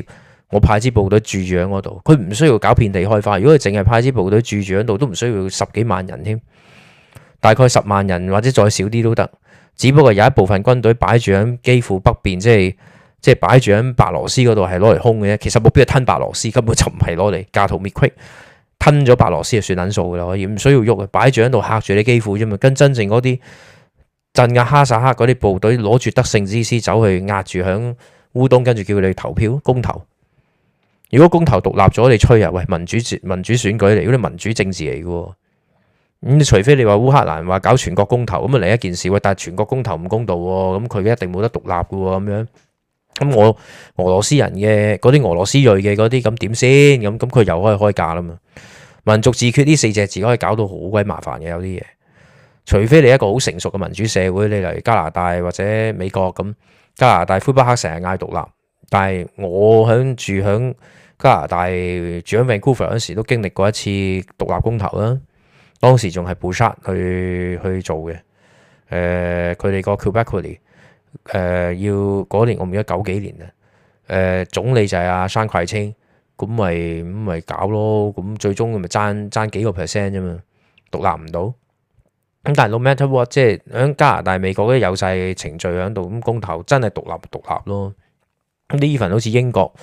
我派支部隊駐住喺嗰度，佢唔需要搞遍地開花。如果佢淨係派支部隊駐住喺度，都唔需要十幾萬人添。大概十萬人或者再少啲都得，只不過有一部分軍隊擺住喺基輔北邊，即係即係擺住喺白羅斯嗰度係攞嚟空嘅。其實目標係吞白羅斯，根本就唔係攞嚟架圖滅饑，吞咗白羅斯就算撚數㗎喇。所以唔需要喐啊，擺住喺度嚇住啲基輔啫嘛。跟真正嗰啲鎮壓哈薩克嗰啲部隊攞住得勝之師走去壓住響烏東，跟住叫你投票公投。如果公投獨立咗，你吹啊！喂，民主選民主選舉嚟如果啲民主政治嚟嘅喎。咁、嗯、除非你話烏克蘭話搞全國公投，咁啊另一件事喂，但係全國公投唔公道喎，咁、嗯、佢一定冇得獨立嘅喎，咁樣，咁、嗯、我俄羅斯人嘅嗰啲俄羅斯裔嘅嗰啲，咁點先？咁咁佢又可以開價啦嘛？民族自決呢四隻字可以搞到好鬼麻煩嘅，有啲嘢，除非你一個好成熟嘅民主社會，你嚟加拿大或者美國咁，加拿大魁北克成日嗌獨立，但係我響住響加拿大住喺 Vancouver 嗰陣時都經歷過一次獨立公投啦。當時仲係 Bouchard 去去做嘅，誒佢哋個 Quebec 要嗰年我唔記得九幾年啦，誒、呃、總理就係阿山葵青，咁咪咁咪搞咯，咁最終佢咪爭爭幾個 percent 啫嘛，獨立唔到。咁但係 no matter what，即係喺加拿大、美國都有晒程序喺度，咁公投真係獨立獨立咯。咁呢 even 好似英國。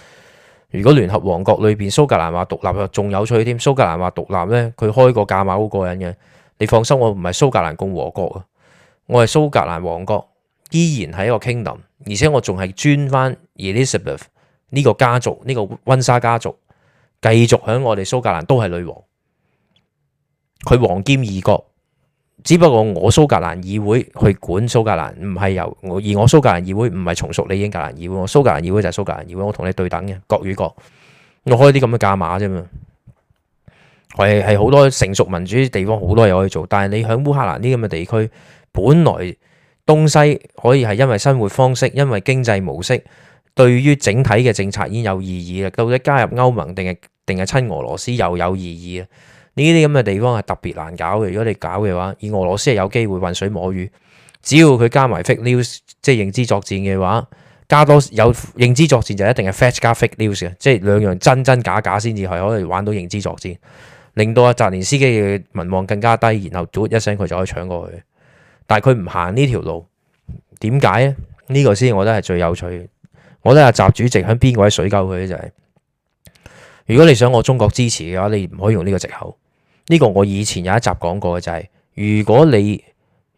如果聯合王國裏邊蘇格蘭話獨立啊，仲有趣添。蘇格蘭話獨立呢，佢開個駕馬好過癮嘅。你放心，我唔係蘇格蘭共和國啊，我係蘇格蘭王國，依然係一個 kingdom，而且我仲係專翻 Elizabeth 呢個家族，呢個溫莎家族，繼續響我哋蘇格蘭都係女王，佢王兼二國。只不過我蘇格蘭議會去管蘇格蘭，唔係由我，而我蘇格蘭議會唔係從屬你英格蘭議，議，議會，我蘇格蘭議會就係蘇格蘭議會，我同你對等嘅，各與各。我開啲咁嘅價碼啫嘛。係係好多成熟民主地方好多嘢，可以做，但係你喺烏克蘭呢啲咁嘅地區，本來東西可以係因為生活方式，因為經濟模式，對於整體嘅政策已經有意義啦。到底加入歐盟定係定係親俄羅斯又有意義啊？呢啲咁嘅地方係特別難搞嘅。如果你搞嘅話，以俄羅斯係有機會渾水摸魚。只要佢加埋 fake news，即係認知作戰嘅話，加多有認知作戰就一定係 fetch 加 fake news 嘅，即係兩樣真真假假先至係可以玩到認知作戰，令到阿澤連斯基嘅民望更加低，然後嘟一聲佢就可以搶過去。但係佢唔行呢條路，點解咧？呢、這個先我覺得係最有趣。我覺得阿習主席響邊個位水救佢呢？就係、是、如果你想我中國支持嘅話，你唔可以用呢個借口。呢個我以前有一集講過嘅就係，如果你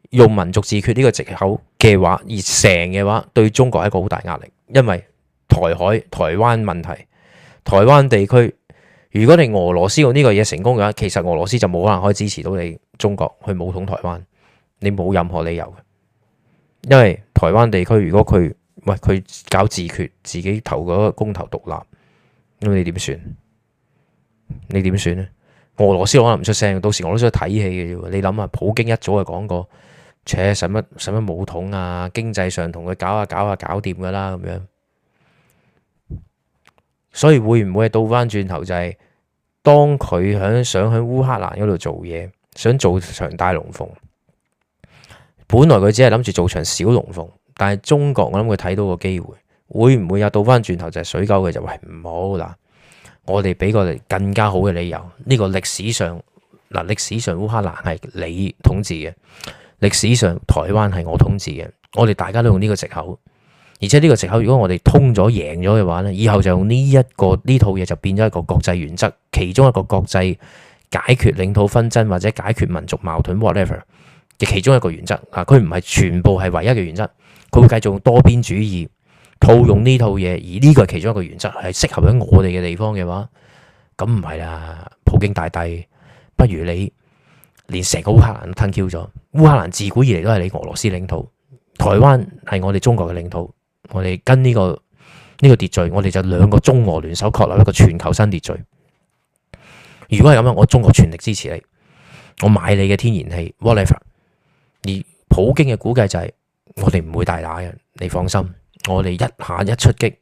用民族自決呢個藉口嘅話，而成嘅話，對中國係一個好大壓力，因為台海、台灣問題、台灣地區，如果你俄羅斯用呢個嘢成功嘅話，其實俄羅斯就冇可能可以支持到你中國去武統台灣，你冇任何理由嘅，因為台灣地區如果佢喂佢搞自決，自己投嗰個公投獨立，咁你點算？你點算咧？俄羅斯可能唔出聲，到時我都想睇戲嘅啫。你諗下，普京一早就講過，扯使乜使乜武統啊，經濟上同佢搞下、啊、搞下、啊、搞掂、啊、噶啦咁樣。所以會唔會倒翻轉頭就係、是，當佢響想喺烏克蘭嗰度做嘢，想做場大龍鳳，本來佢只係諗住做場小龍鳳，但係中國我諗佢睇到個機會，會唔會又倒翻轉頭就係水狗，佢就話唔好嗱？我哋俾個更加好嘅理由，呢個歷史上嗱，歷史上烏克蘭係你統治嘅，歷史上台灣係我統治嘅，我哋大家都用呢個借口，而且呢個借口如果我哋通咗贏咗嘅話咧，以後就用呢一個呢套嘢，就變咗一個國際原則，其中一個國際解決領土紛爭或者解決民族矛盾 whatever 嘅其中一個原則啊，佢唔係全部係唯一嘅原則，佢會繼續用多邊主義。套用呢套嘢，而呢個係其中一個原則，係適合喺我哋嘅地方嘅話，咁唔係啦。普京大帝，不如你連成個烏克蘭都吞掉咗。烏克蘭自古以嚟都係你俄羅斯領土，台灣係我哋中國嘅領土。我哋跟呢個呢個秩序，我哋就兩個中俄聯手確立一個全球新秩序。如果係咁樣，我中國全力支持你，我買你嘅天然氣，whatever。而普京嘅估計就係我哋唔會大打嘅，你放心。我哋一下一出擊，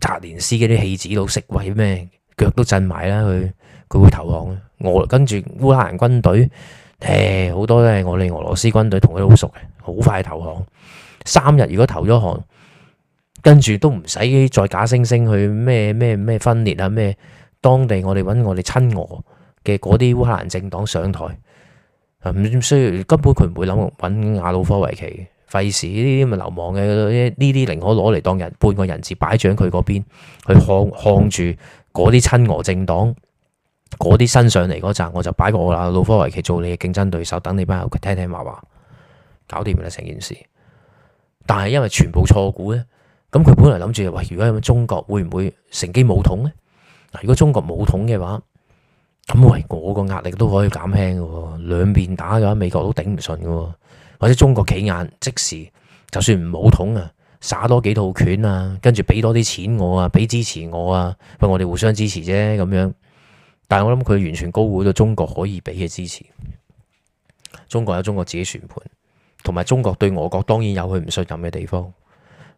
扎連斯基啲戲子都識位咩？腳都震埋啦。佢，佢會投降啦。俄，跟住烏克蘭軍隊，誒、呃、好多都係我哋俄羅斯軍隊同佢好熟嘅，好快投降。三日如果投咗降，跟住都唔使再假惺惺去咩咩咩分裂啊咩。當地我哋揾我哋親俄嘅嗰啲烏克蘭政黨上台，咁所以根本佢唔會諗揾亞魯科維奇。費事呢啲咪流氓嘅呢啲，寧可攞嚟當人半個人質擺喺佢嗰邊，去看看住嗰啲親俄政黨嗰啲身上嚟嗰陣，我就擺過啦。老科維奇做你嘅競爭對手，等你班佢聽聽話話，搞掂啦成件事。但係因為全部錯估呢，咁佢本嚟諗住話，如果咁中國會唔會乘機武統呢？嗱，如果中國武統嘅話，咁喂，我個壓力都可以減輕嘅喎。兩邊打嘅話，美國都頂唔順嘅喎。或者中國企硬，即使就算唔好統啊，耍多幾套拳啊，跟住俾多啲錢我啊，俾支持我啊，不過我哋互相支持啫咁樣。但係我諗佢完全高估咗中國可以俾嘅支持。中國有中國自己算盤，同埋中國對俄國當然有佢唔信任嘅地方。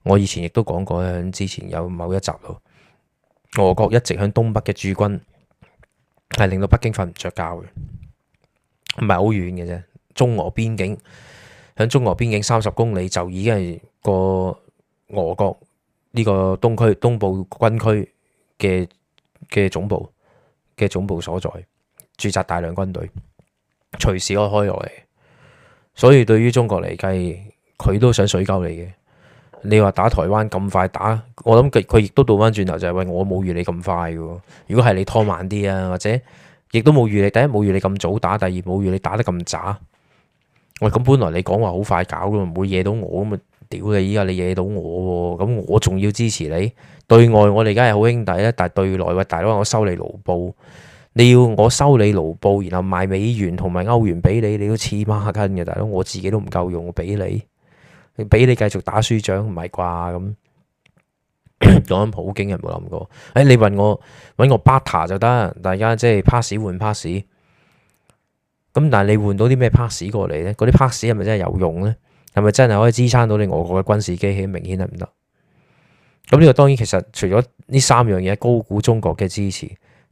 我以前亦都講過，響之前有某一集度，俄國一直響東北嘅駐軍係令到北京瞓唔着覺嘅，唔係好遠嘅啫，中俄邊境。喺中俄邊境三十公里就已經係個俄國呢個東區東部軍區嘅嘅總部嘅總部所在，駐紮大量軍隊，隨時可以開落嚟。所以對於中國嚟計，佢都想水救你嘅。你話打台灣咁快打，我諗佢亦都倒翻轉頭就係，喂，我冇預你咁快嘅。如果係你拖慢啲啊，或者亦都冇預你，第一冇預你咁早打，第二冇預你打得咁渣。喂，咁本來你講話好快搞㗎嘛，唔會惹到我咁啊！屌你，依家你惹到我喎，咁我仲要支持你？對外我哋而家係好兄弟咧，但對內喂大佬，我收你盧布，你要我收你盧布，然後賣美元同埋歐元俾你，你都黐孖筋嘅，大佬，我自己都唔夠用，我俾你，俾你繼續打輸仗唔係啩咁？講緊普京又冇諗過，誒你問我揾個 butter 就得，大家即係 pass 換 pass。咁但係你換到啲咩 pass 過嚟咧？嗰啲 pass 係咪真係有用咧？係咪真係可以支撐到你俄國嘅軍事機器，明顯係唔得？咁呢個當然其實除咗呢三樣嘢高估中國嘅支持、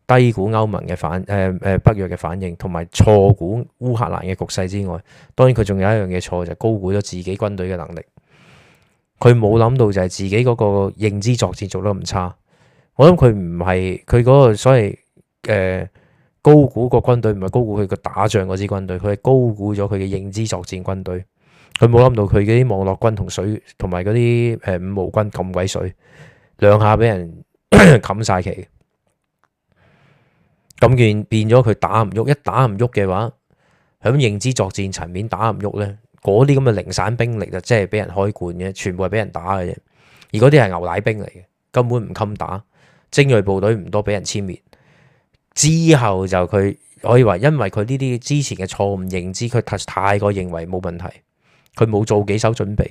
低估歐盟嘅反誒誒、呃、北約嘅反應，同埋錯估烏克蘭嘅局勢之外，當然佢仲有一樣嘢錯就係、是、高估咗自己軍隊嘅能力。佢冇諗到就係自己嗰個認知作戰做得咁差。我諗佢唔係佢嗰個所謂誒。呃高估個軍隊，唔係高估佢個打仗嗰支軍隊，佢係高估咗佢嘅認知作戰軍隊。佢冇諗到佢嗰啲網絡軍同水同埋嗰啲誒五毛軍咁鬼水，兩下俾人冚晒 旗。咁變變咗佢打唔喐，一打唔喐嘅話，響認知作戰層面打唔喐咧，嗰啲咁嘅零散兵力就真係俾人開罐嘅，全部係俾人打嘅啫。而嗰啲係牛奶兵嚟嘅，根本唔襟打，精鋭部隊唔多，俾人殲滅。之後就佢可以話，因為佢呢啲之前嘅錯誤認知，佢太太過認為冇問題，佢冇做幾手準備，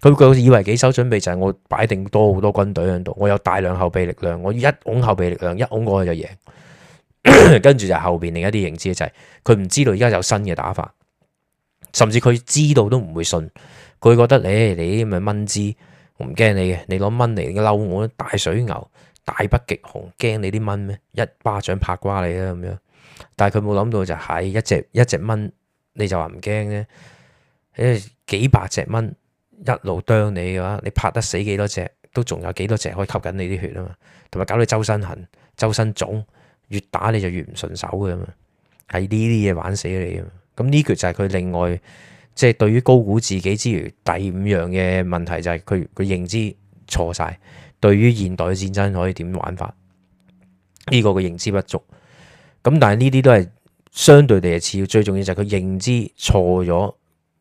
佢佢以為幾手準備就係我擺定多好多軍隊喺度，我有大量後備力量，我一拱後備力量一拱過去就贏， 跟住就後邊另一啲認知就係佢唔知道而家有新嘅打法，甚至佢知道都唔會信，佢覺得你，你咪蚊枝，我唔驚你嘅，你攞蚊嚟，你嬲我，我大水牛。大北極熊驚你啲蚊咩？一巴掌拍瓜你啦咁樣，但係佢冇諗到就係一隻一隻蚊你就話唔驚咧？誒幾百隻蚊一路啄你嘅話，你拍得死幾多隻，都仲有幾多隻可以吸緊你啲血啊嘛，同埋搞到周身痕、周身腫，越打你就越唔順手嘅嘛，係呢啲嘢玩死你啊嘛！咁呢橛就係佢另外即係、就是、對於高估自己之餘，第五樣嘅問題就係佢佢認知錯晒。對於現代嘅戰爭可以點玩法？呢、這個嘅認知不足，咁但係呢啲都係相對地係次要，最重要就係佢認知錯咗。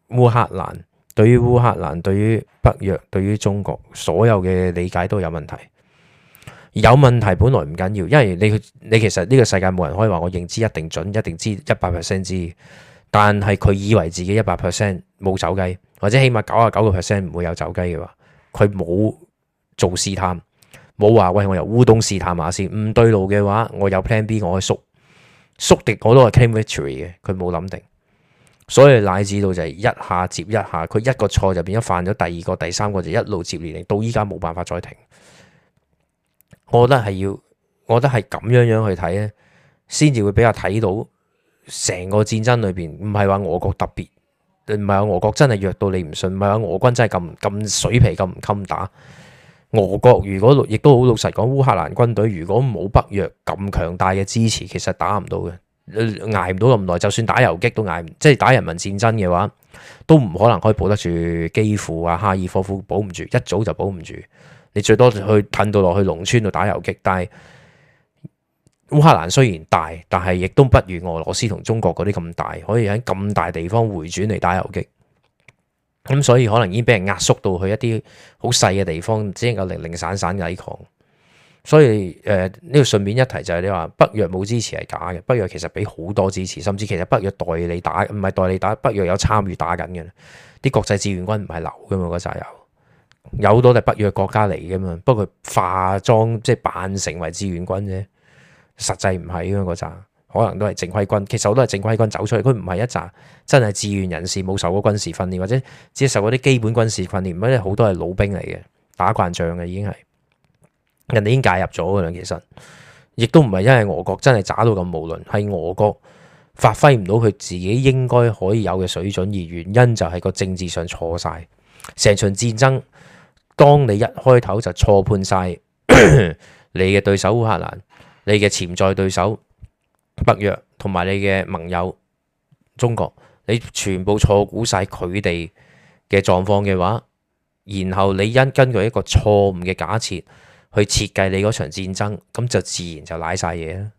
烏克蘭對於烏克蘭、對於北約、對於中國，所有嘅理解都有問題。有問題本來唔緊要，因為你你其實呢個世界冇人可以話我認知一定準、一定知一百 percent 知，但係佢以為自己一百 percent 冇走雞，或者起碼九啊九個 percent 唔會有走雞嘅話，佢冇。做試探，冇話喂，我由烏東試探下先，唔對路嘅話，我有 plan B，我去縮縮敵，我都係 claim victory 嘅。佢冇諗定，所以乃至到就係一下接一下，佢一個錯就變咗犯咗第二個、第三個，就一路接連令到依家冇辦法再停。我覺得係要，我覺得係咁樣樣去睇咧，先至會比較睇到成個戰爭裏邊，唔係話俄國特別，唔係話俄國真係弱到你唔信，唔係話俄軍真係咁咁水皮咁唔襟打。俄國如果亦都好老實講，烏克蘭軍隊如果冇北約咁強大嘅支持，其實打唔到嘅，捱唔到咁耐。就算打遊擊都捱唔，即係打人民戰爭嘅話，都唔可能可以保得住基輔啊、哈爾科夫保唔住，一早就保唔住。你最多去困到落去農村度打遊擊，但係烏克蘭雖然大，但係亦都不如俄羅斯同中國嗰啲咁大，可以喺咁大地方回轉嚟打遊擊。咁所以可能已經俾人壓縮到去一啲好細嘅地方，只能夠零零散散抵抗。所以誒呢個順便一提就係你話北約冇支持係假嘅，北約其實俾好多支持，甚至其實北約代理打，唔係代理打，北約有參與打緊嘅。啲國際志願軍唔係流㗎嘛，嗰紮有，有好多都係北約國家嚟嘅嘛，不過化妝即係扮成為志願軍啫，實際唔係㗎嘛，嗰扎。可能都係正規軍，其實我都係正規軍走出嚟，佢唔係一扎真係志願人士，冇受過軍事訓練，或者只係受過啲基本軍事訓練，唔係好多係老兵嚟嘅，打慣仗嘅已經係，人哋已經介入咗噶啦，其實亦都唔係因為俄國真係渣到咁無能，係俄國發揮唔到佢自己應該可以有嘅水準，而原因就係個政治上錯晒，成場戰爭當你一開頭就錯判晒 你嘅對手烏克蘭，你嘅潛在對手。北約同埋你嘅盟友中國，你全部錯估晒佢哋嘅狀況嘅話，然後你因根據一個錯誤嘅假設去設計你嗰場戰爭，咁就自然就瀨晒嘢啦。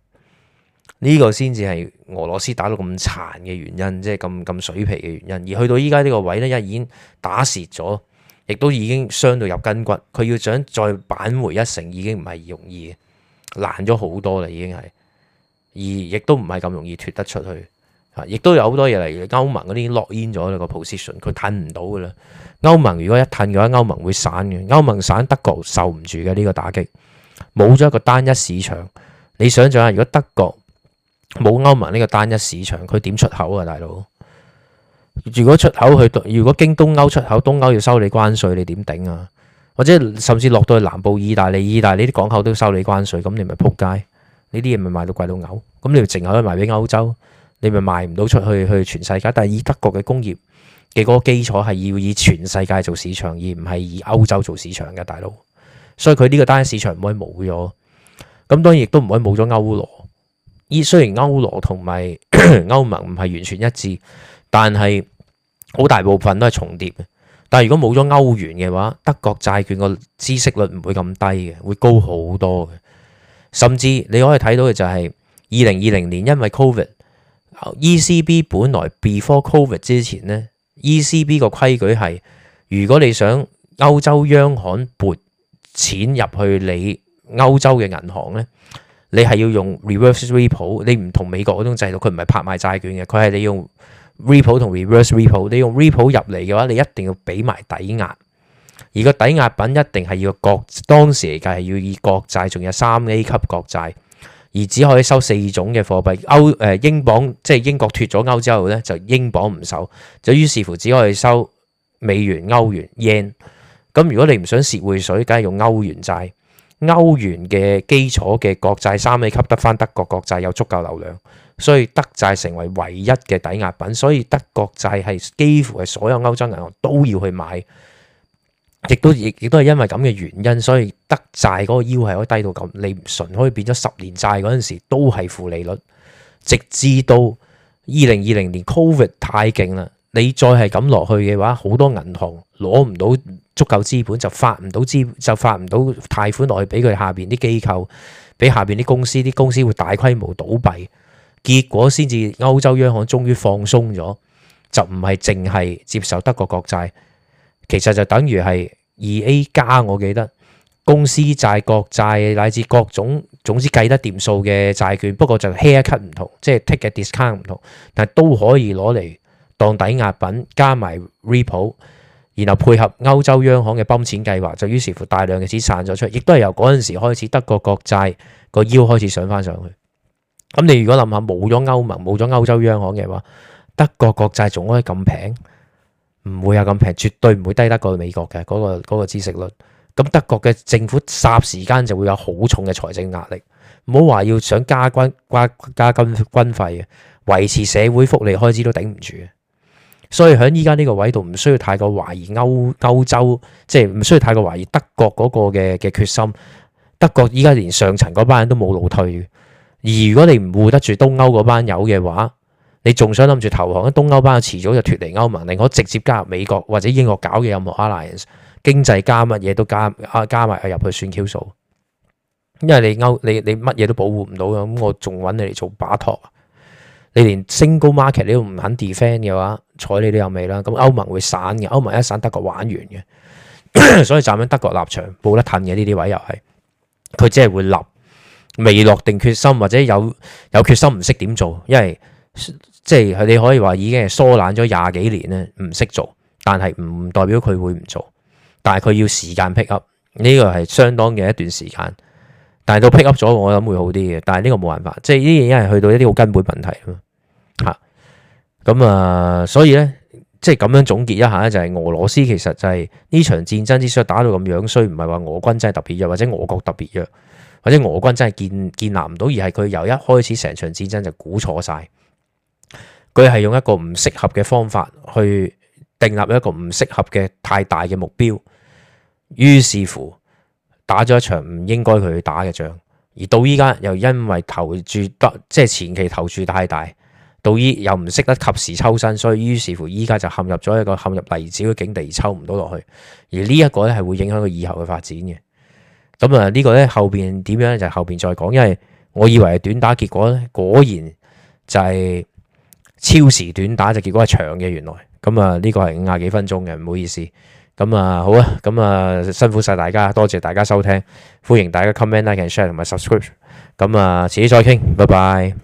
呢個先至係俄羅斯打到咁殘嘅原因，即係咁咁水皮嘅原因。而去到依家呢個位咧，一已經打蝕咗，亦都已經傷到入筋骨，佢要想再扳回一城，已經唔係容易嘅，難咗好多啦，已經係。而亦都唔係咁容易脱得出去，啊！亦都有好多嘢嚟，歐盟嗰啲落煙咗啦個 position，佢褪唔到噶啦。歐盟如果一褪嘅話，歐盟會散嘅。歐盟散，德國受唔住嘅呢個打擊，冇咗一個單一市場。你想象下，如果德國冇歐盟呢個單一市場，佢點出口啊，大佬？如果出口去，如果經東歐出口，東歐要收你關稅，你點頂啊？或者甚至落到去南部意大利，意大利啲港口都收你關稅，咁你咪撲街。呢啲嘢咪賣到貴到嘔，咁你又淨係可以賣俾歐洲，你咪賣唔到出去去全世界。但係以德國嘅工業嘅嗰個基礎係要以全世界做市場，而唔係以歐洲做市場嘅，大佬。所以佢呢個單一市場唔會冇咗。咁當然亦都唔會冇咗歐羅。依雖然歐羅同埋 歐盟唔係完全一致，但係好大部分都係重疊。但係如果冇咗歐元嘅話，德國債券個孳息率唔會咁低嘅，會高好多嘅。甚至你可以睇到嘅就係二零二零年，因為 Covid，ECB 本來 before Covid 之前呢，ECB 個規矩係，如果你想歐洲央行撥錢入去你歐洲嘅銀行呢，你係要用 reverse repo。你唔同美國嗰種制度，佢唔係拍賣債券嘅，佢係你用 repo 同 reverse repo。你用 repo 入嚟嘅話，你一定要俾埋抵押。而個抵押品一定係要國，當時嚟計係要以國債，仲有三 A 級國債，而只可以收四種嘅貨幣。歐誒、呃、英鎊，即係英國脫咗歐之後咧，就英鎊唔收，就於是乎只可以收美元、歐元、yen。咁如果你唔想蝕匯水，梗係用歐元債。歐元嘅基礎嘅國債三 A 級得翻德國國債有足夠流量，所以德債成為唯一嘅抵押品。所以德國債係幾乎係所有歐洲銀行都要去買。亦都亦亦都係因為咁嘅原因，所以德債嗰個腰係可以低到咁，你純可以變咗十年債嗰陣時都係負利率，直至到二零二零年，Covid 太勁啦，你再係咁落去嘅話，好多銀行攞唔到足夠資本，就發唔到資，就發唔到貸款落去俾佢下邊啲機構，俾下邊啲公司，啲公司會大規模倒閉，結果先至歐洲央行終於放鬆咗，就唔係淨係接受德國國債。其實就等於係二 A 加，我記得公司債、國債乃至各種總之計得掂數嘅債券，不過就 hair cut 唔同，即係 take 嘅 discount 唔同，但都可以攞嚟當抵押品，加埋 repo，然後配合歐洲央行嘅泵錢計劃，就於是乎大量嘅錢散咗出嚟，亦都係由嗰陣時開始德國國債個腰開始上翻上去。咁你如果諗下冇咗歐盟、冇咗歐洲央行嘅話，德國國債仲可以咁平？唔會有咁平，絕對唔會低得過美國嘅嗰個嗰個孳息率。咁德國嘅政府霎時間就會有好重嘅財政壓力，唔好話要想加軍加，加軍軍費啊，維持社會福利開支都頂唔住。所以喺依家呢個位度，唔需要太過懷疑歐歐洲，即係唔需要太過懷疑德國嗰個嘅嘅決心。德國依家連上層嗰班人都冇路退，而如果你唔護得住東歐嗰班友嘅話，你仲想諗住投降？咁東歐班遲早就脫離歐盟，寧可直接加入美國或者英國搞嘅任何 alliance，經濟加乜嘢都加加埋入去算 Q 數。因為你歐你你乜嘢都保護唔到嘅，咁我仲揾你嚟做把托。你連 single market 你都唔肯 defend 嘅話，睬你都有味啦。咁歐盟會散嘅，歐盟一散德國玩完嘅， 所以站喺德國立場冇得褪嘅，呢啲位又係，佢只係會立，未落定決心或者有有決心唔識點做，因為。即係佢哋可以話已經係疏懶咗廿幾年咧，唔識做，但係唔代表佢會唔做。但係佢要時間 pick up 呢個係相當嘅一段時間。但係到 pick up 咗，我諗會好啲嘅。但係呢個冇辦法，即係呢樣嘢係去到一啲好根本問題咯嚇咁啊、嗯。所以呢，即係咁樣總結一下咧，就係、是、俄羅斯其實就係呢場戰爭之所以打到咁樣衰，唔係話俄軍真係特別弱，或者俄國特別弱，或者俄軍真係建建立唔到，而係佢由一開始成場戰爭就估錯晒。佢係用一個唔適合嘅方法去訂立,一個唔適合嘅太大嘅目標，於是乎打咗一場唔應該佢去打嘅仗，而到而家又因為投注得即係前期投注太大，到而又唔識得及時抽身，所以於是乎而家就陷入咗一個陷入泥沼嘅境地，而抽唔到落去，而呢一個咧係會影響佢以後嘅發展嘅。咁啊，呢個咧、就是、後邊點樣咧就後邊再講，因為我以為係短打，結果咧果然就係、是。超時短打就結果係長嘅原來，咁啊呢個係五廿幾分鐘嘅，唔好意思，咁啊好啊，咁啊辛苦晒大家，多謝大家收聽，歡迎大家 comment like and share 同埋 subscribe，咁啊遲啲再傾，拜拜。